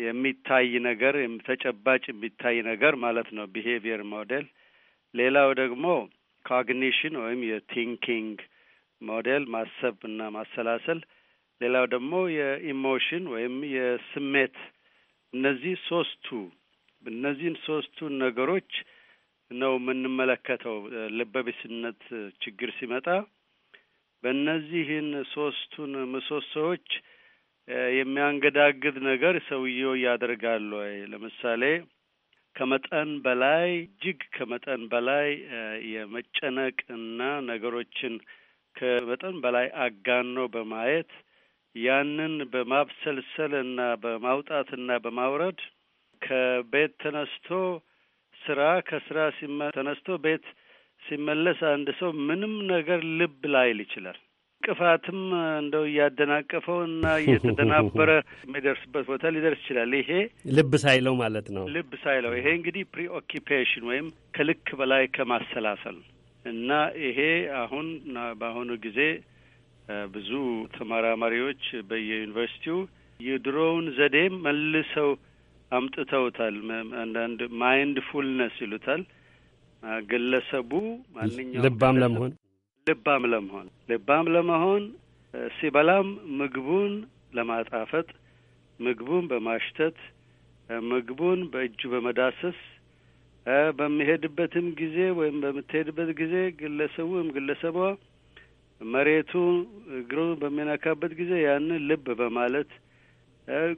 የሚታይ ነገር ተጨባጭ የሚታይ ነገር ማለት ነው ቢሄቪየር ሞዴል። ሌላው ደግሞ ካግኒሽን ወይም የቲንኪንግ ሞዴል ማሰብ እና ማሰላሰል ሌላው ደግሞ የኢሞሽን ወይም የስሜት እነዚህ ሶስቱ እነዚህን ሶስቱ ነገሮች ነው የምንመለከተው። ልበቢስነት ችግር ሲመጣ በእነዚህን ሶስቱን ምሰሶዎች የሚያንገዳግድ ነገር ሰውየው ያደርጋሉ ወይ? ለምሳሌ ከመጠን በላይ እጅግ ከመጠን በላይ የመጨነቅ እና ነገሮችን ከመጠን በላይ አጋኖ በማየት ያንን በማብሰልሰል እና በማውጣትና በማውረድ ከቤት ተነስቶ ስራ ከስራ ተነስቶ ቤት ሲመለስ አንድ ሰው ምንም ነገር ልብ ላይል ይችላል። ቅፋትም እንደው እያደናቀፈው እና እየተደናበረ [LAUGHS] የሚደርስበት ቦታ ሊደርስ ይችላል። ይሄ ልብ ሳይለው ማለት ነው። ልብ ሳይለው ይሄ እንግዲህ ፕሪኦኪፔሽን ወይም ከልክ በላይ ከማሰላሰል እና ይሄ አሁን በአሁኑ ጊዜ ብዙ ተመራማሪዎች በየዩኒቨርሲቲው የድሮውን ዘዴ መልሰው አምጥተውታል። አንዳንድ ማይንድ ፉልነስ ይሉታል። ግለሰቡ ማንኛውም ልባም ለመሆን ልባም ለመሆን ልባም ለመሆን ሲበላም ምግቡን ለማጣፈጥ ምግቡን በማሽተት ምግቡን በእጁ በመዳሰስ በሚሄድበትም ጊዜ ወይም በምትሄድበት ጊዜ ግለሰቡ ወይም ግለሰቧ መሬቱ እግሩ በሚነካበት ጊዜ ያንን ልብ በማለት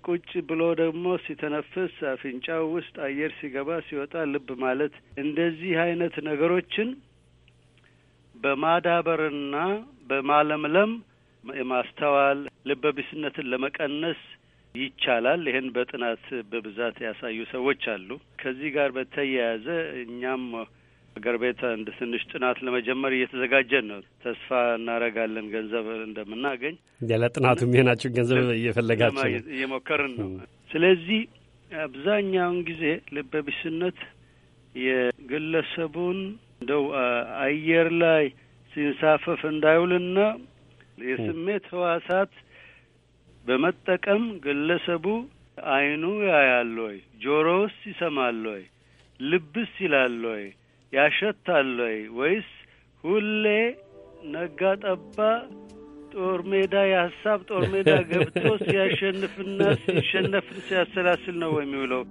ቁጭ ብሎ ደግሞ ሲተነፍስ አፍንጫው ውስጥ አየር ሲገባ ሲወጣ ልብ ማለት እንደዚህ አይነት ነገሮችን በማዳበርና በማለምለም የማስተዋል ልበ ቢስነትን ለመቀነስ ይቻላል። ይህን በጥናት በብዛት ያሳዩ ሰዎች አሉ። ከዚህ ጋር በተያያዘ እኛም አገር ቤት አንድ ትንሽ ጥናት ለመጀመር እየተዘጋጀን ነው። ተስፋ እናደርጋለን ገንዘብ እንደምናገኝ። ያለ ጥናቱ ገንዘብ እየፈለጋችሁ እየሞከርን ነው። ስለዚህ አብዛኛውን ጊዜ ልበቢስነት የግለሰቡን እንደው አየር ላይ ሲንሳፈፍ እንዳይውልና የስሜት ህዋሳት በመጠቀም ግለሰቡ አይኑ ያያል ወይ፣ ውስጥ ይሰማል ወይ፣ ልብስ ይላል ወይ ያሸታል ወይ ወይስ ሁሌ ነጋ ጠባ ጦር ሜዳ የሀሳብ ጦር ሜዳ ገብቶ [LAUGHS] ሲያሸንፍና ሲሸነፍን ሲያሰላስል ነው የሚውለው?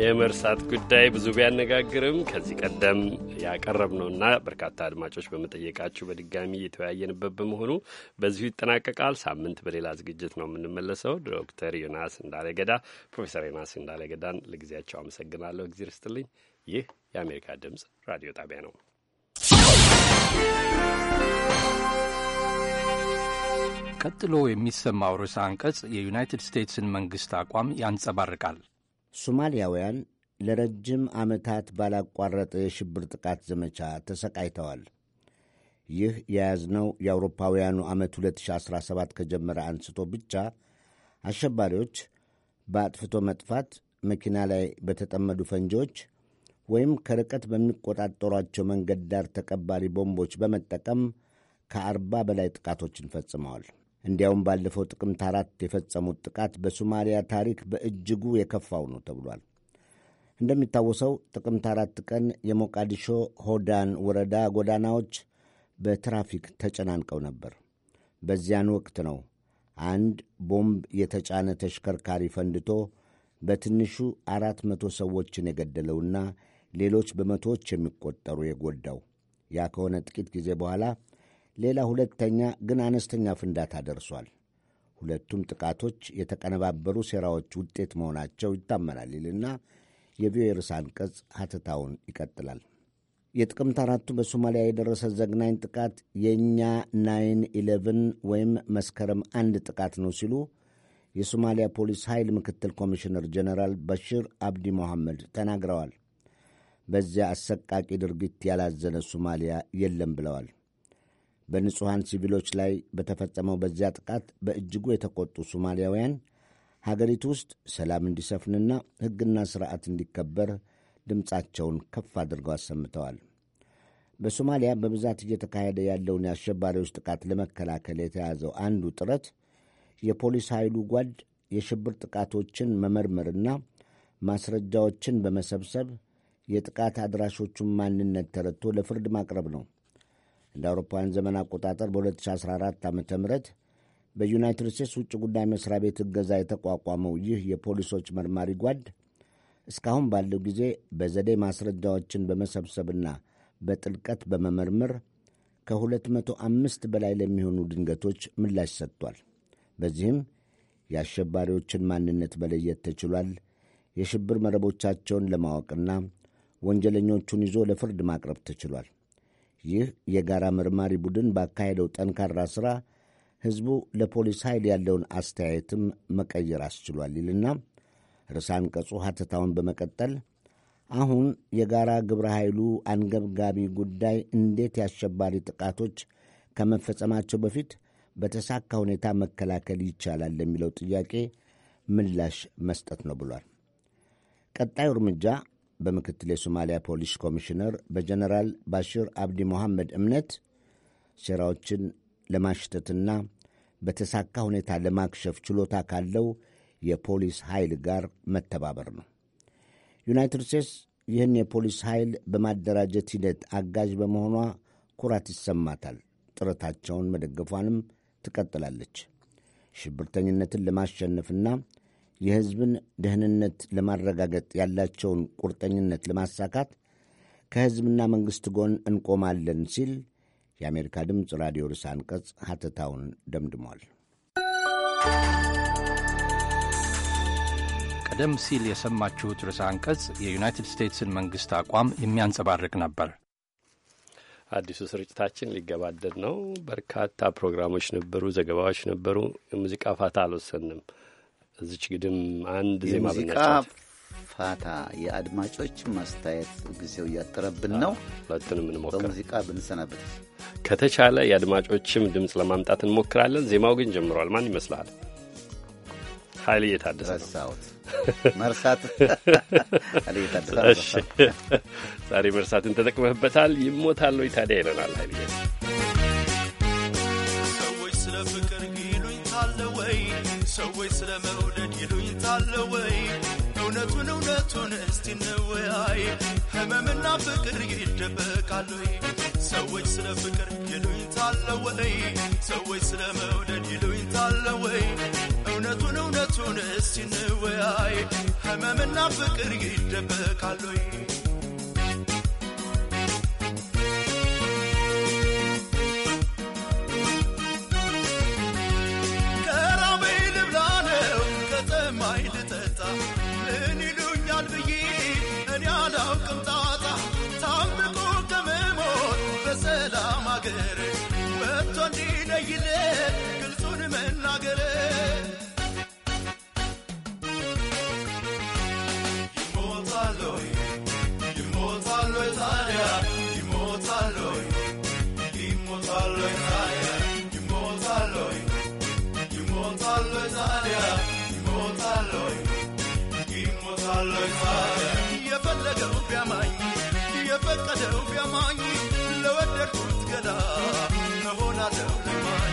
የመርሳት ጉዳይ ብዙ ቢያነጋግርም ከዚህ ቀደም ያቀረብ ነውና በርካታ አድማጮች በመጠየቃችሁ በድጋሚ የተወያየንበት በመሆኑ በዚሁ ይጠናቀቃል። ሳምንት በሌላ ዝግጅት ነው የምንመለሰው። ዶክተር ዮናስ እንዳለገዳ ፕሮፌሰር ዮናስ እንዳለገዳን ለጊዜያቸው አመሰግናለሁ። እግዜር ይስጥልኝ። ይህ የአሜሪካ ድምፅ ራዲዮ ጣቢያ ነው። ቀጥሎ የሚሰማው ርዕሰ አንቀጽ የዩናይትድ ስቴትስን መንግሥት አቋም ያንጸባርቃል። ሶማሊያውያን ለረጅም ዓመታት ባላቋረጠ የሽብር ጥቃት ዘመቻ ተሰቃይተዋል። ይህ የያዝነው የአውሮፓውያኑ ዓመት 2017 ከጀመረ አንስቶ ብቻ አሸባሪዎች በአጥፍቶ መጥፋት መኪና ላይ በተጠመዱ ፈንጂዎች ወይም ከርቀት በሚቆጣጠሯቸው መንገድ ዳር ተቀባሪ ቦምቦች በመጠቀም ከአርባ በላይ ጥቃቶችን ፈጽመዋል። እንዲያውም ባለፈው ጥቅምት አራት የፈጸሙት ጥቃት በሶማሊያ ታሪክ በእጅጉ የከፋው ነው ተብሏል። እንደሚታወሰው ጥቅምት አራት ቀን የሞቃዲሾ ሆዳን ወረዳ ጎዳናዎች በትራፊክ ተጨናንቀው ነበር። በዚያን ወቅት ነው አንድ ቦምብ የተጫነ ተሽከርካሪ ፈንድቶ በትንሹ አራት መቶ ሰዎችን የገደለውና ሌሎች በመቶዎች የሚቆጠሩ የጎዳው ያ ከሆነ ጥቂት ጊዜ በኋላ ሌላ ሁለተኛ ግን አነስተኛ ፍንዳታ ደርሷል። ሁለቱም ጥቃቶች የተቀነባበሩ ሴራዎች ውጤት መሆናቸው ይታመናል ይልና የቪኦኤ ርዕሰ አንቀጽ ሐተታውን ይቀጥላል። የጥቅምት አራቱ በሶማሊያ የደረሰ ዘግናኝ ጥቃት የእኛ ናይን ኢሌቭን ወይም መስከረም አንድ ጥቃት ነው ሲሉ የሶማሊያ ፖሊስ ኃይል ምክትል ኮሚሽነር ጀነራል በሽር አብዲ መሐመድ ተናግረዋል። በዚያ አሰቃቂ ድርጊት ያላዘነ ሶማሊያ የለም ብለዋል። በንጹሐን ሲቪሎች ላይ በተፈጸመው በዚያ ጥቃት በእጅጉ የተቆጡ ሶማሊያውያን ሀገሪቱ ውስጥ ሰላም እንዲሰፍንና ሕግና ሥርዓት እንዲከበር ድምፃቸውን ከፍ አድርገው አሰምተዋል። በሶማሊያ በብዛት እየተካሄደ ያለውን የአሸባሪዎች ጥቃት ለመከላከል የተያዘው አንዱ ጥረት የፖሊስ ኃይሉ ጓድ የሽብር ጥቃቶችን መመርመርና ማስረጃዎችን በመሰብሰብ የጥቃት አድራሾቹን ማንነት ተረድቶ ለፍርድ ማቅረብ ነው። እንደ አውሮፓውያን ዘመን አቆጣጠር በ2014 ዓ ም በዩናይትድ ስቴትስ ውጭ ጉዳይ መስሪያ ቤት እገዛ የተቋቋመው ይህ የፖሊሶች መርማሪ ጓድ እስካሁን ባለው ጊዜ በዘዴ ማስረጃዎችን በመሰብሰብና በጥልቀት በመመርመር ከ205 በላይ ለሚሆኑ ድንገቶች ምላሽ ሰጥቷል። በዚህም የአሸባሪዎችን ማንነት መለየት ተችሏል። የሽብር መረቦቻቸውን ለማወቅና ወንጀለኞቹን ይዞ ለፍርድ ማቅረብ ተችሏል። ይህ የጋራ መርማሪ ቡድን ባካሄደው ጠንካራ ሥራ ሕዝቡ ለፖሊስ ኃይል ያለውን አስተያየትም መቀየር አስችሏል ይልና ርዕሰ አንቀጹ ሐተታውን በመቀጠል አሁን የጋራ ግብረ ኃይሉ አንገብጋቢ ጉዳይ እንዴት የአሸባሪ ጥቃቶች ከመፈጸማቸው በፊት በተሳካ ሁኔታ መከላከል ይቻላል ለሚለው ጥያቄ ምላሽ መስጠት ነው ብሏል። ቀጣዩ እርምጃ በምክትል የሶማሊያ ፖሊስ ኮሚሽነር በጀነራል ባሽር አብዲ ሞሐመድ እምነት ሴራዎችን ለማሽተትና በተሳካ ሁኔታ ለማክሸፍ ችሎታ ካለው የፖሊስ ኃይል ጋር መተባበር ነው። ዩናይትድ ስቴትስ ይህን የፖሊስ ኃይል በማደራጀት ሂደት አጋዥ በመሆኗ ኩራት ይሰማታል። ጥረታቸውን መደገፏንም ትቀጥላለች። ሽብርተኝነትን ለማሸነፍና የሕዝብን ደህንነት ለማረጋገጥ ያላቸውን ቁርጠኝነት ለማሳካት ከሕዝብና መንግሥት ጎን እንቆማለን ሲል የአሜሪካ ድምፅ ራዲዮ ርዕሰ አንቀጽ ሐተታውን ደምድሟል። ቀደም ሲል የሰማችሁት ርዕሰ አንቀጽ የዩናይትድ ስቴትስን መንግሥት አቋም የሚያንጸባርቅ ነበር። አዲሱ ስርጭታችን ሊገባደድ ነው። በርካታ ፕሮግራሞች ነበሩ፣ ዘገባዎች ነበሩ። የሙዚቃ ፋታ አልወሰንም። እዚች ግድም አንድ ዜማ ብናጫወት ፋታ የአድማጮች ማስተያየት ጊዜው እያጠረብን ነው። ሁለቱንም እንሞክር በሙዚቃ ብንሰናበት ከተቻለ የአድማጮችም ድምፅ ለማምጣት እንሞክራለን። ዜማው ግን ጀምሯል። ማን ይመስልሃል? ኃይል እየታደሰ ረሳሁት። መርሳት [LAUGHS] ዛሬ መርሳትን ተጠቅመህበታል። ይሞታል ወይ ታዲያ ይለናል ኃይሌ። ሰዎች ስለ ፍቅር ይሉኝ ታለ ወይ ሰዎች ስለ መሩ አለ ወይ? እውነቱን እውነቱን እስቲ እንወያይ። ህመምና ፍቅር ይደበቃሉ ወይ? ሰዎች ስለ ፍቅር ይሉኝታለ ወይ? ሰዎች ስለ መውደድ ይሉኝታለ ወይ? እውነቱን እውነቱን እስቲ እንወያይ። ህመምና ፍቅር ይደበቃሉ ወይ? ከቶ እንዲለይልን ግልጹን መናገር የፈለገው ቢያማኝ የፈቀደው ቢያማኝ ለወደድኩት ገላ እሆናለሁ ለማኝ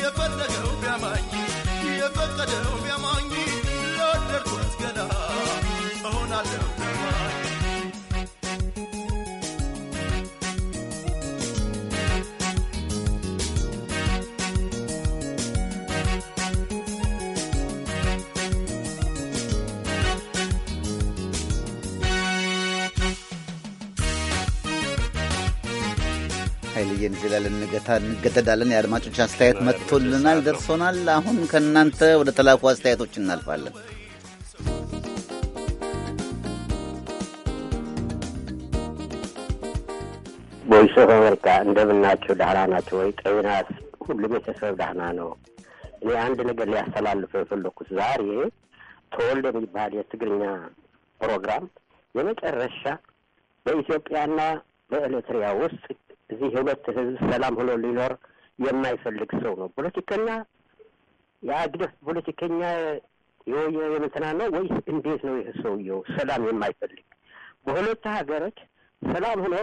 የፈለገው ቢያማኝ የፈቀደው ቢያማኝ ለወደድኩት ገና እሆናለሁ ቆየን እዚህ ላይ እንገደዳለን። የአድማጮች አስተያየት መጥቶልናል፣ ደርሶናል። አሁን ከእናንተ ወደ ተላኩ አስተያየቶች እናልፋለን። ቦይስ ኦፍ አሜሪካ እንደምናችሁ፣ ደህና ናቸው ወይ? ጤናስ? ሁሉ ቤተሰብ ደህና ነው። እኔ አንድ ነገር ሊያስተላልፈው የፈለኩት ዛሬ ተወልደ የሚባል የትግርኛ ፕሮግራም የመጨረሻ በኢትዮጵያና በኤርትሪያ ውስጥ እዚህ የሁለት ህዝብ ሰላም ሆኖ ሊኖር የማይፈልግ ሰው ነው። ፖለቲከኛ የአግደፍ ፖለቲከኛ የምንትና ነው ወይስ እንዴት ነው? ይህ ሰውየው ሰላም የማይፈልግ በሁለት ሀገሮች ሰላም ሆኖ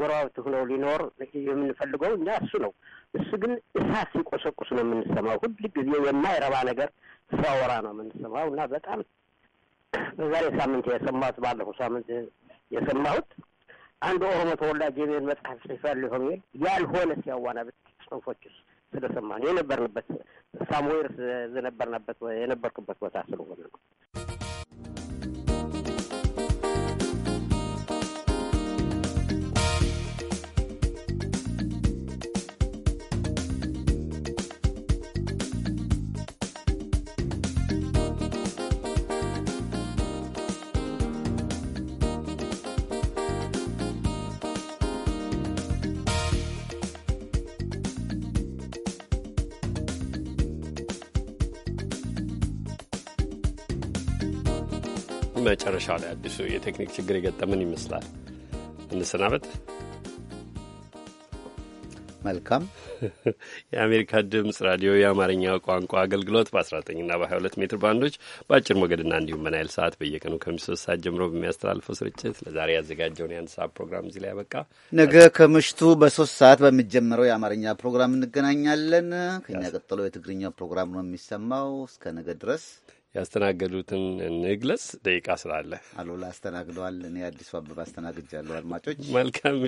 ጎረባብት ሆኖ ሊኖር የምንፈልገው እኛ እሱ ነው። እሱ ግን እሳት ሲቆሰቁስ ነው የምንሰማው። ሁል ጊዜ የማይረባ ነገር ሲያወራ ነው የምንሰማው እና በጣም በዛሬ ሳምንት የሰማሁት ባለፈው ሳምንት የሰማሁት አንድ ኦሮሞ ተወላጅ የሚል መጽሐፍ ጽፌያለሁ ሆኜ ያልሆነ ሲያዋና ጽሁፎች ስለሰማ ስለሰማን የነበርንበት ሳሙዌር የነበርንበት የነበርኩበት ቦታ ስለሆነ ነው። መጨረሻው ላይ አዲሱ የቴክኒክ ችግር የገጠምን ይመስላል። እንሰናበት። መልካም [LAUGHS] የአሜሪካ ድምፅ ራዲዮ የአማርኛ ቋንቋ አገልግሎት በ19ና በ22 ሜትር ባንዶች በአጭር ሞገድና እንዲሁም በናይል ሰዓት በየቀኑ ከምሽቱ ሰዓት ጀምሮ በሚያስተላልፈው ስርጭት ለዛሬ ያዘጋጀውን የአንድ ሰዓት ፕሮግራም እዚህ ላይ ያበቃ። ነገ ከምሽቱ በሶስት ሰዓት በሚጀምረው የአማርኛ ፕሮግራም እንገናኛለን። ከኛ ቀጥሎ የትግርኛ ፕሮግራም ነው የሚሰማው። እስከ ነገ ድረስ ያስተናገዱትን እንግለጽ። ደቂቃ ስላለ አሉላ አስተናግደዋል። እኔ አዲሱ አበባ አስተናግጃለሁ። አድማጮች መልካም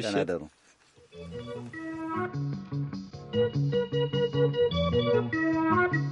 you.